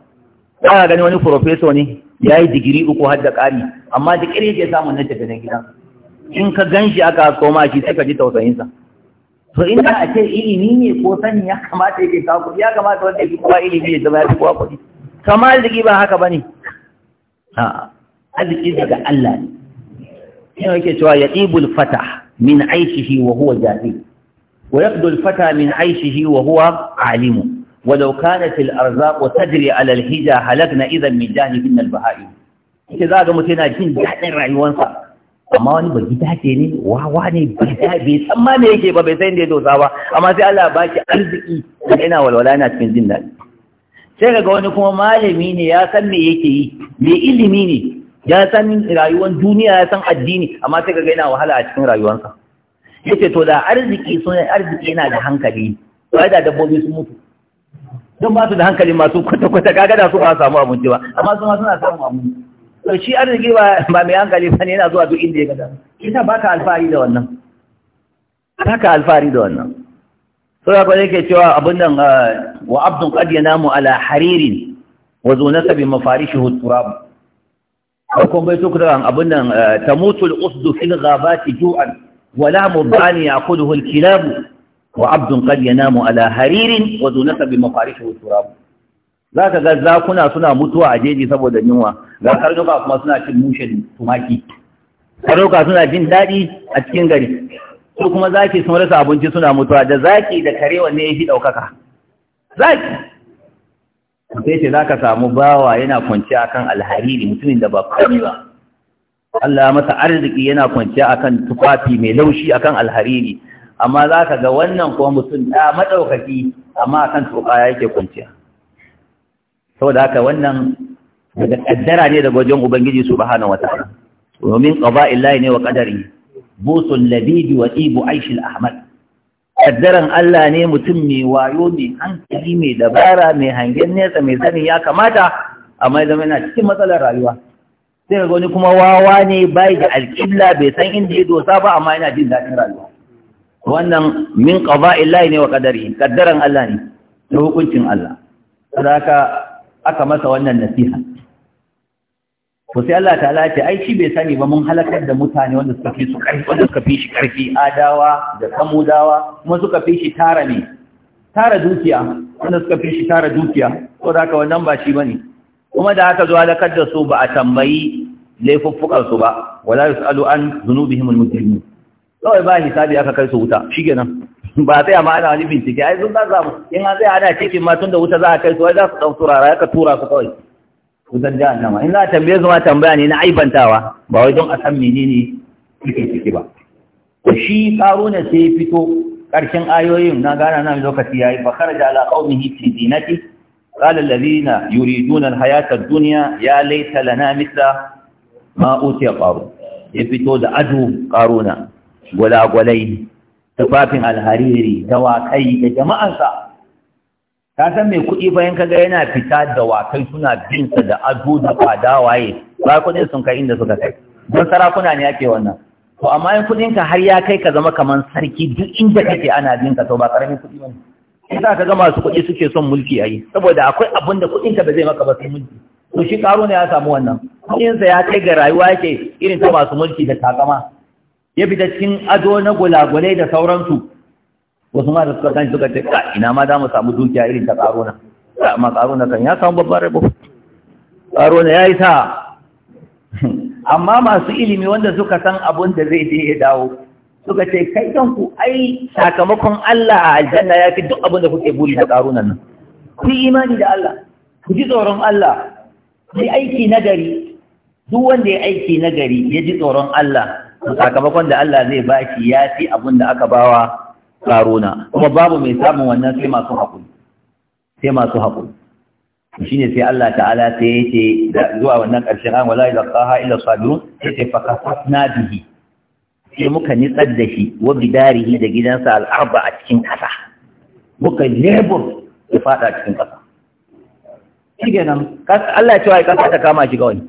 Speaker 1: ba gani wani professor ne yayi digiri uku har da ƙari amma da ƙiri yake samun na daga gida in ka ganshi aka koma shi sai ka ji tausayin sa to in da ake ilimi ne ko sani ya kamata yake ka kuɗi ya kamata wanda yake kuma ilimi ya zama ya kuwa kuɗi Kamar arziki ba haka bane a aziki daga Allah ne yana yake cewa yaqibul fatah min aishihi wa huwa jahil ويقضي الفتى من عيشه وهو عالم ولو كانت الأرزاق تجري على الهجا هلكنا إذا من جانبنا البهائم ita za ga mutum yana jin daɗin rayuwarsa amma wani ba gida ce ne wawa ne bai bai san ma me yake ba bai san da ya dosa ba amma sai Allah ya baki arziki da yana walwala yana cikin jin daɗi sai kaga wani kuma malami ne ya san me yake yi me ilimi ne ya san rayuwar duniya ya san addini amma sai kaga yana wahala a cikin rayuwarsa yace to da arziki sun arziki yana da hankali ba da dabbobi sun mutu don ba su da hankali masu kwata-kwata kaga da su ba samu abinci ba amma su ma suna samu abinci to shi arziki ba ba mai hankali ba ne yana zuwa duk inda ya gada kisa baka alfahari da wannan baka alfahari da wannan so da kwaje ke cewa abin nan ah, wa abdun qad yanamu ala haririn wa zunasa bi mafarishihi turab ko kun bai kudan abin nan ah, tamutul usdu fil ghabati ju'an wala mubani ya'khudhu al-kilab wa abdun qad yanamu ala haririn wa dunaka bi mafarishihi ga zakuna suna mutuwa a jeji saboda yunwa ga karnuka kuma suna cin mushin tumaki karnuka suna jin daɗi a cikin gari su kuma zaki sun rasa abinci suna mutuwa da zaki da karewa ne ya fi ɗaukaka zaki sai ce za ka samu bawa yana kwanciya kan alhariri mutumin da ba kwami ba Allah ya masa arziki yana kwanciya akan tufafi mai laushi akan alhariri amma za ka ga wannan kuma mutum ɗaya maɗaukaki amma akan tuka yake kwanciya saboda haka wannan daga ƙaddara ne daga wajen ubangiji su subhanahu wata. domin illahi ne wa ƙadari. busul labidi wa ibu aishil ahmad ƙaddaran Allah ne mutum mai wayo mai hankali mai dabara mai hangen nesa mai sanin ya kamata amma zama yana cikin matsalar rayuwa sai ga wani kuma wawa ne bai da alƙibla bai san inda ya dosa ba amma yana jin daɗin rayuwa wannan min qada'illahi ne wa qadari kaddaran Allah ne da hukuncin Allah saboda aka masa wannan nasiha ko sai Allah ta'ala ce ai shi bai sani ba mun halakar da mutane wanda suka fi su karfi wanda suka fi shi karfi adawa da samudawa kuma suka fi shi tara ne tara dukiya wanda suka fi shi tara dukiya saboda haka wannan ba shi bane kuma da aka zo halakar da su ba a tambayi laifuffukarsu ba wala yusalu an zunubihim almujrimin kawai ba hisabi aka kai su wuta shikenan [laughs] ba sai amma ana wani bincike ai sun za mu in an sai ana cikin ma da wuta za a kai su wai za su dau turara ya ka tura su kawai wutan nama. in za a tambaye su ma tambaya ne na aibantawa ba wai don a san menene suke ciki ba to shi karuna sai fito karshen ayoyin na gana nan lokaci yayi fa kharaja ala qaumihi fi dinati قال الذين يريدون الحياة الدنيا يا ليت لنا مثل ما أوتي قارون يفتو دا أدو قارونا ولا قلي تفاف الهريري دواكي جماعة ka san mai kuɗi bayan kaga yana fita da wakai suna bin sa da ado da fada waye ba kuɗin sun kai inda suka kai don sarakuna ne ake wannan to amma in kuɗinka har ya kai ka zama kamar sarki duk inda kake ana binka to ba ƙaramin kuɗi ba yasa ka ga masu kuɗi suke son mulki ayi saboda akwai abin da kuɗin ka ba zai maka ba sai mulki to shi karo ne ya samu wannan kuɗin sa ya kai ga rayuwa yake irin ta masu mulki da takama ya fita cikin ado na gulagulai da sauransu wasu ma da suka kan suka ce ina ma za mu samu dukiya irin ta karo na amma karo na kan ya samu babban rabo karo na ya yi sa [laughs] amma masu ilimi wanda suka san abin da zai je ya dawo suka ce kai ku. ai sakamakon Allah a aljanna ya fi duk abin da kuke buri da karunan nan ku imani da Allah ku ji tsoron Allah ku aiki nagari duk wanda ya aiki nagari ya ji tsoron Allah sakamakon da Allah zai ba shi ya fi abin da aka bawa karuna kuma babu mai samun wannan sai masu haƙuri sai masu haƙuri ne sai Allah ta'ala sai ce zuwa wannan ƙarshen an wala ilaha illa sabirun sai ta fakasna bihi sai muka nitsar da shi wa bidarihi da gidansa al'arba a cikin ƙasa muka lebur ya fada cikin ƙasa shi Allah ya ce wai ƙasa ta kama shi ga wani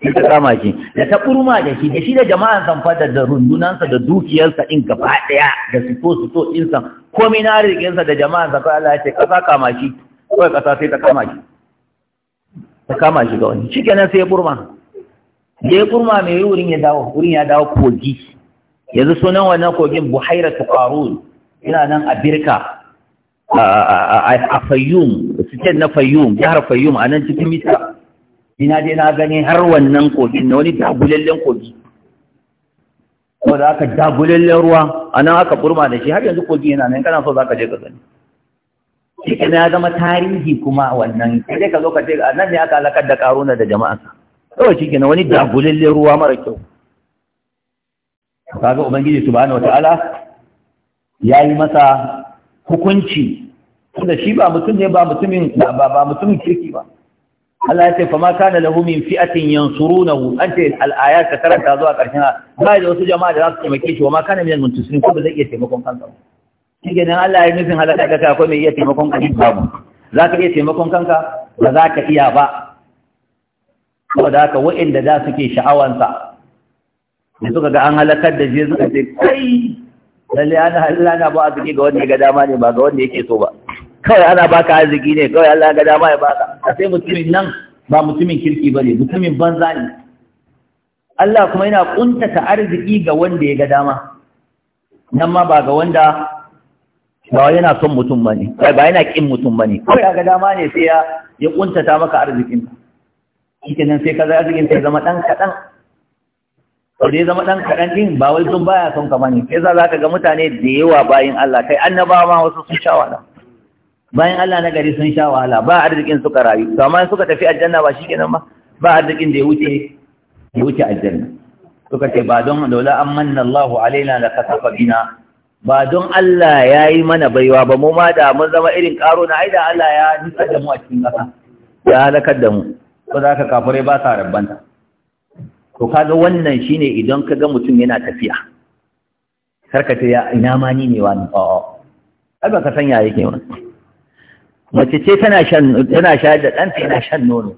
Speaker 1: in ta kama shi da ta kurma da shi da shi da jama'an san fada da rundunansa da dukiyarsa in gaba daya da sito sito in san komai na arzikinsa da jama'an san Allah ya ce ƙasa kama shi kawai ƙasa sai ta kama shi ta kama shi ga wani shi sai ya kurma da ya kurma mai wurin ya dawo wurin ya dawo kogi yanzu sunan wannan kogin buhaira tuqarun ina nan a birka a fayyum suke na fayyum jihar fayyum a nan cikin mita ina dai na gani har wannan kogin na wani dagulallen kogi ko da aka dagulallen ruwa a nan aka burma da shi har yanzu kogi yana nan kana so za ka je ka gani shi ya zama tarihi kuma wannan sai ka zo ka ce a nan ne aka halakar da karuna da jama'a kawai shi wani dagulallen ruwa mara kyau kaga ubangiji subhanahu wataala yayi masa hukunci tunda shi ba mutum ne ba mutumin ba ba mutumin kirki ba Allah ya ce fa ma kana lahu min fi'atin yansurunahu anta al-ayat ka karanta zuwa karshen ba da wasu jama'a da za su taimake shi wa ma kana min al-muntasirin ko ba zai iya taimakon kansa ba shi ne Allah ya nufin halaka ka ko mai iya taimakon kanka mu za ka iya taimakon kanka ba za ka iya ba saboda haka wa'inda da suke sha'awansa da suka ga an halakar da shi suka ce kai lalle ana Allah na ba arziki ga wanda ya ga dama ne ba ga wanda yake so ba kawai ana baka arziki ne kawai Allah ga dama ya baka a sai mutumin nan ba mutumin kirki ba ne mutumin banza ne Allah kuma yana kuntata arziki ga wanda ya ga dama nan ma ba ga wanda ba yana son mutum ba ne ba yana kin mutum ba ne kawai ga dama ne sai ya kuntata maka arzikin ka shi kenan sai ka za arzikin sai zama dan kaɗan to dai zama dan kaɗan din ba wai sun baya son ka bane sai za ka ga mutane da yawa bayin Allah kai annabawa ma wasu sun sha wahala bayan Allah na gari sun sha wahala ba arzikin suka rayu to amma suka tafi aljanna ba shi kenan ba ba arzikin da ya wuce ya wuce aljanna suka ce ba don dole an manna Allahu alaina la kasafa bina ba don Allah ya yi mana baiwa ba mu ma da mun zama irin karo na aida Allah ya nisa da mu a cikin ƙasa ya halakar da mu ko za ka kafirai ba sa rabbanta to kaga wannan shine idan kaga mutum yana tafiya karkata ya ina ma ni ne wani a'a ai ka san ya yake wani mace ce tana shan tana shayar da ɗanta yana shan nono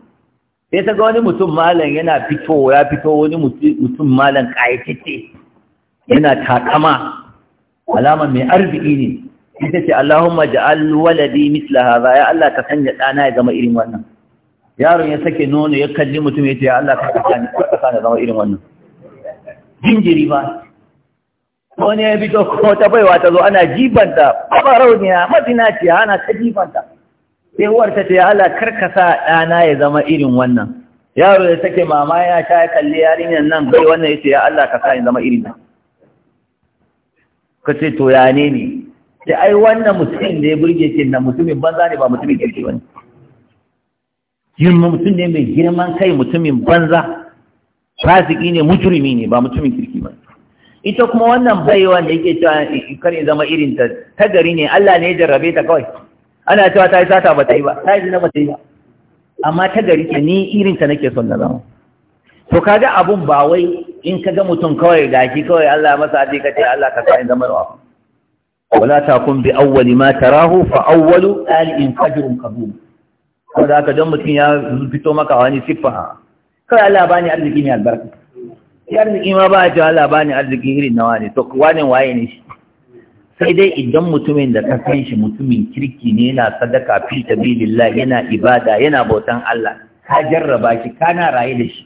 Speaker 1: sai ta ga wani mutum malam yana fito ya fito wani mutum malam kayatacce yana takama alama mai arziki ne ita ce Allahumma ja'al waladi misla hadha ya Allah ka sanya ɗana ya zama irin wannan yaron ya sake nono ya kalli mutum ya ce ya Allah ka sanya na zama irin wannan jinjiri ba wani ya fito ko ta baiwa ta zo ana jibanta ba rauniya mazinaciya ana ta jibanta sai uwar ta ce Allah karkasa ɗana ya zama irin wannan yaro da take mama yana sha ya kalli yarinyar nan bai wannan ce ya Allah ka sa in zama irin nan ka ce to ya ne ne sai ai wannan mutumin da ya burge ce na mutumin banza ne ba mutumin kirki ne yin mutum ne mai girman kai mutumin banza fasiki ne mujrimi ne ba mutumin kirki ba ita kuma wannan baiwan da yake cewa kan ya zama irin ta Tagari ne Allah ne ya jarrabe ta kawai ana cewa ta yi sata ba ta yi ba ta yi zina ba ta yi ba amma tagari gari ta ni irin ta nake son na zama to kaga abun ba wai in ka ga mutum kawai gashi kawai Allah masa aje ka ce Allah ka sa in zama rawa wala takun bi awwali ma tarahu fa awwalu al infajrun kabum ko da ka don mutum ya fito maka wani siffa kawai Allah bani arziki mai albarka shi arziki ma ba a cewa Allah bani arziki irin na wane to wane waye ne shi sai dai idan mutumin da ka san shi mutumin kirki ne yana sadaka fi tabilillah, yana ibada yana bautan Allah ka jarraba shi kana raye da shi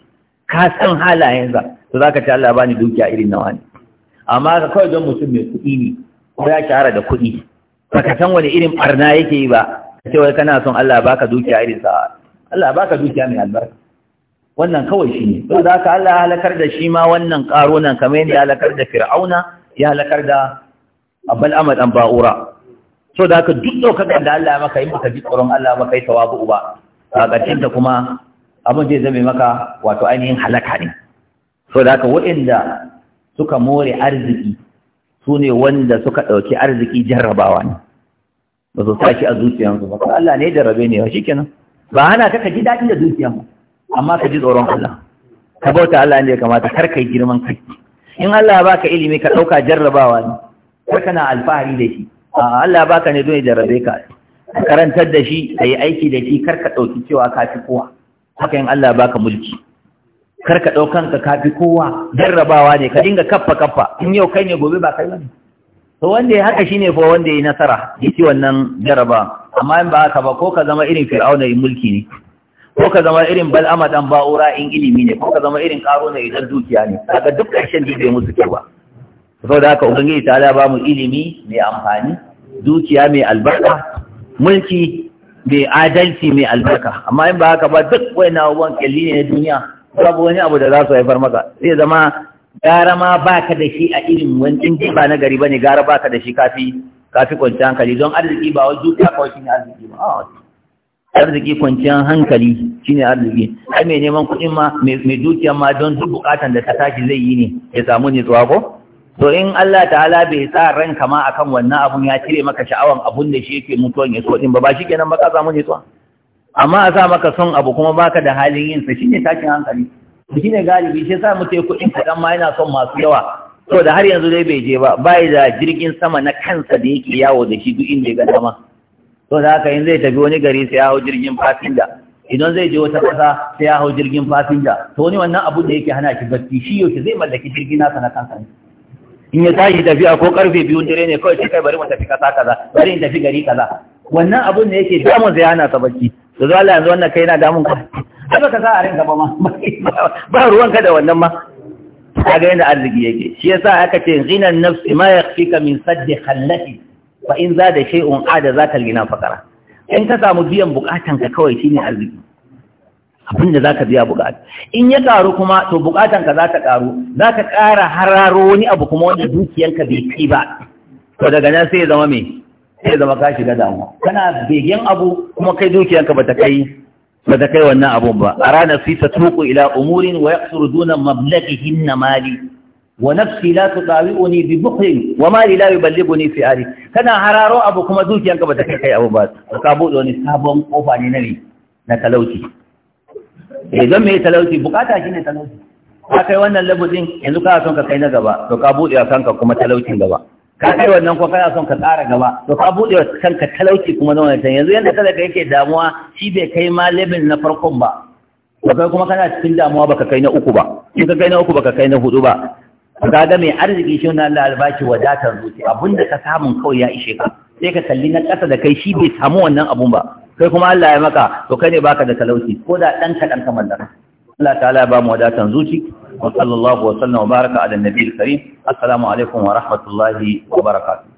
Speaker 1: ka san halayensa to zaka ce Allah bani dukiya irin na wane amma ka kawai don mutum mai kuɗi ne ko ya shahara da kuɗi ba ka san wani irin barna yake yi ba ka ce wai kana son Allah baka dukiya irin sa Allah baka dukiya mai albarka wannan kawai shi ne to da haka Allah ya halakar da shi ma wannan karonan kamar yadda ya halakar da fir'auna ya halakar da abal'amad amad an ba'ura so da duk daukakar da Allah ya maka yi baka ji tsoron Allah ba yi tawabu ba a ƙarshen ta kuma abin zai zame maka wato ainihin halaka ne so da waɗanda suka more arziki su ne wanda suka ɗauki arziki jarrabawa ne ba su sa shi a zuciyarsu ba Allah ne jarrabe ne ba kenan ba hana ka ka ji daɗi da zuciyan ba amma ka ji tsoron Allah ka bauta Allah ne ya kamata kar kai girman kai in Allah baka ilimi ka dauka jarrabawa ne kar kana alfahari da shi Allah baka ne don ya jarrabe ka ka karantar da shi kai aiki da shi kar ka dauki cewa ka fi kowa haka in Allah baka mulki kar ka daukan ka ka fi kowa jarrabawa ne ka dinga kaffa kaffa in yau kai ne gobe ba kai bane to wanda ya haka shine fa wanda ya yi nasara yake wannan jarraba amma in ba haka ba ko ka zama irin fir'auna yin mulki ne ko ka zama irin bal'ama dan ba'ura in ilimi ne ko ka zama irin karo na idan dukiya ne kaga duk ƙarshen duk bai musu kyau ba saboda haka ubangiji ta ala ba mu ilimi mai amfani dukiya mai albarka mulki mai adalci mai albarka amma in ba haka ba duk wani wan kyalli ne na duniya babu wani abu da za su haifar maka zai zama gara ma baka da shi a irin wancan in ba na gari bane gara baka da shi kafi kafi kwanciyar hankali don arziki ba wajen dukiya kawai shi ne arziki ba ah, arziki kwanciyar hankali shine arziki ai mai neman kuɗin ma mai dukiya ma don duk bukatan da ta tashi zai yi ne ya samu ne ko to in Allah ta'ala bai sa ranka ma akan wannan abun ya cire maka sha'awan abun da shi yake mutuwan ya so din ba ba kenan ba ka samu ne amma a sa maka son abu kuma baka da halin yin sa shine tashin hankali shine galibi shi sa mutai kuɗin kaɗan ma yana son masu yawa to da har yanzu dai bai je ba bai da jirgin sama na kansa da yake yawo da shi duk inda ya ga dama to da haka in zai tafi wani gari sai ya hau jirgin fasinja idan zai je wata ƙasa sai ya hau jirgin fasinja to wani wannan abu da yake hana shi bacci shi yau zai mallaki jirgin nasa na kansa ne in ya tashi tafiya ko karfe biyun dare ne kawai sai kai bari mu tafi kasa kaza bari in tafi gari kaza wannan abun da yake damun zai hana sa to da zuwa yanzu wannan kai na damun ka haka ka sa a rinka ba ma [laughs] ba ruwan ka da wannan ma kaga yadda arziki yake shi yasa aka ce ghinan nafsi ma yakfika min saddi khallati fa in zada da shay'un ada za ka lina in ka samu biyan bukatan ka kawai shine arziki abinda zaka biya bukata in ya karu kuma to bukatan ka za ta karu za ka kara hararo wani abu kuma wanda dukiyanka bai kai ba to daga nan sai ya zama me sai ya zama ka shiga damuwa kana begen abu kuma kai dukiyanka ba ta kai ba kai wannan abun ba a ranar fi ta tuku ila umurin wa ya duna mablagihin na mali wa nafsi la tudawi'uni bi bukhrin wa mali la yuballighuni fi ali kana hararo abu kuma zuciyanka bata kai abu ba ka bude wani sabon kofa ne na na talauci idan eh, me talauci bukata shine talauci ka kai wannan labudin yanzu kana son ka kai na gaba to ka bude kanka kuma talaucin gaba ka kai wannan ko kana son ka tsara gaba to ka bude kanka talauci kuma na wannan yanzu yanda kada ka yake damuwa shi bai kai ma labin na farkon ba to kai kuma kana cikin damuwa baka kai na uku ba in ka kai na uku baka kai na hudu ba ka ga mai arziki shi wannan Allah albashi wadatar zuci abinda ka samun kawai ya ishe ka sai ka kalli na ƙasa da kai shi bai samu wannan abun ba kai kuma Allah ya maka to kai ne baka da talauci ko da dan kaɗan ka mallaka Allah ta'ala ya ba mu wadatar zuci wa sallallahu wa sallam wa baraka ala nabiyil karim assalamu alaikum wa rahmatullahi wa barakatuh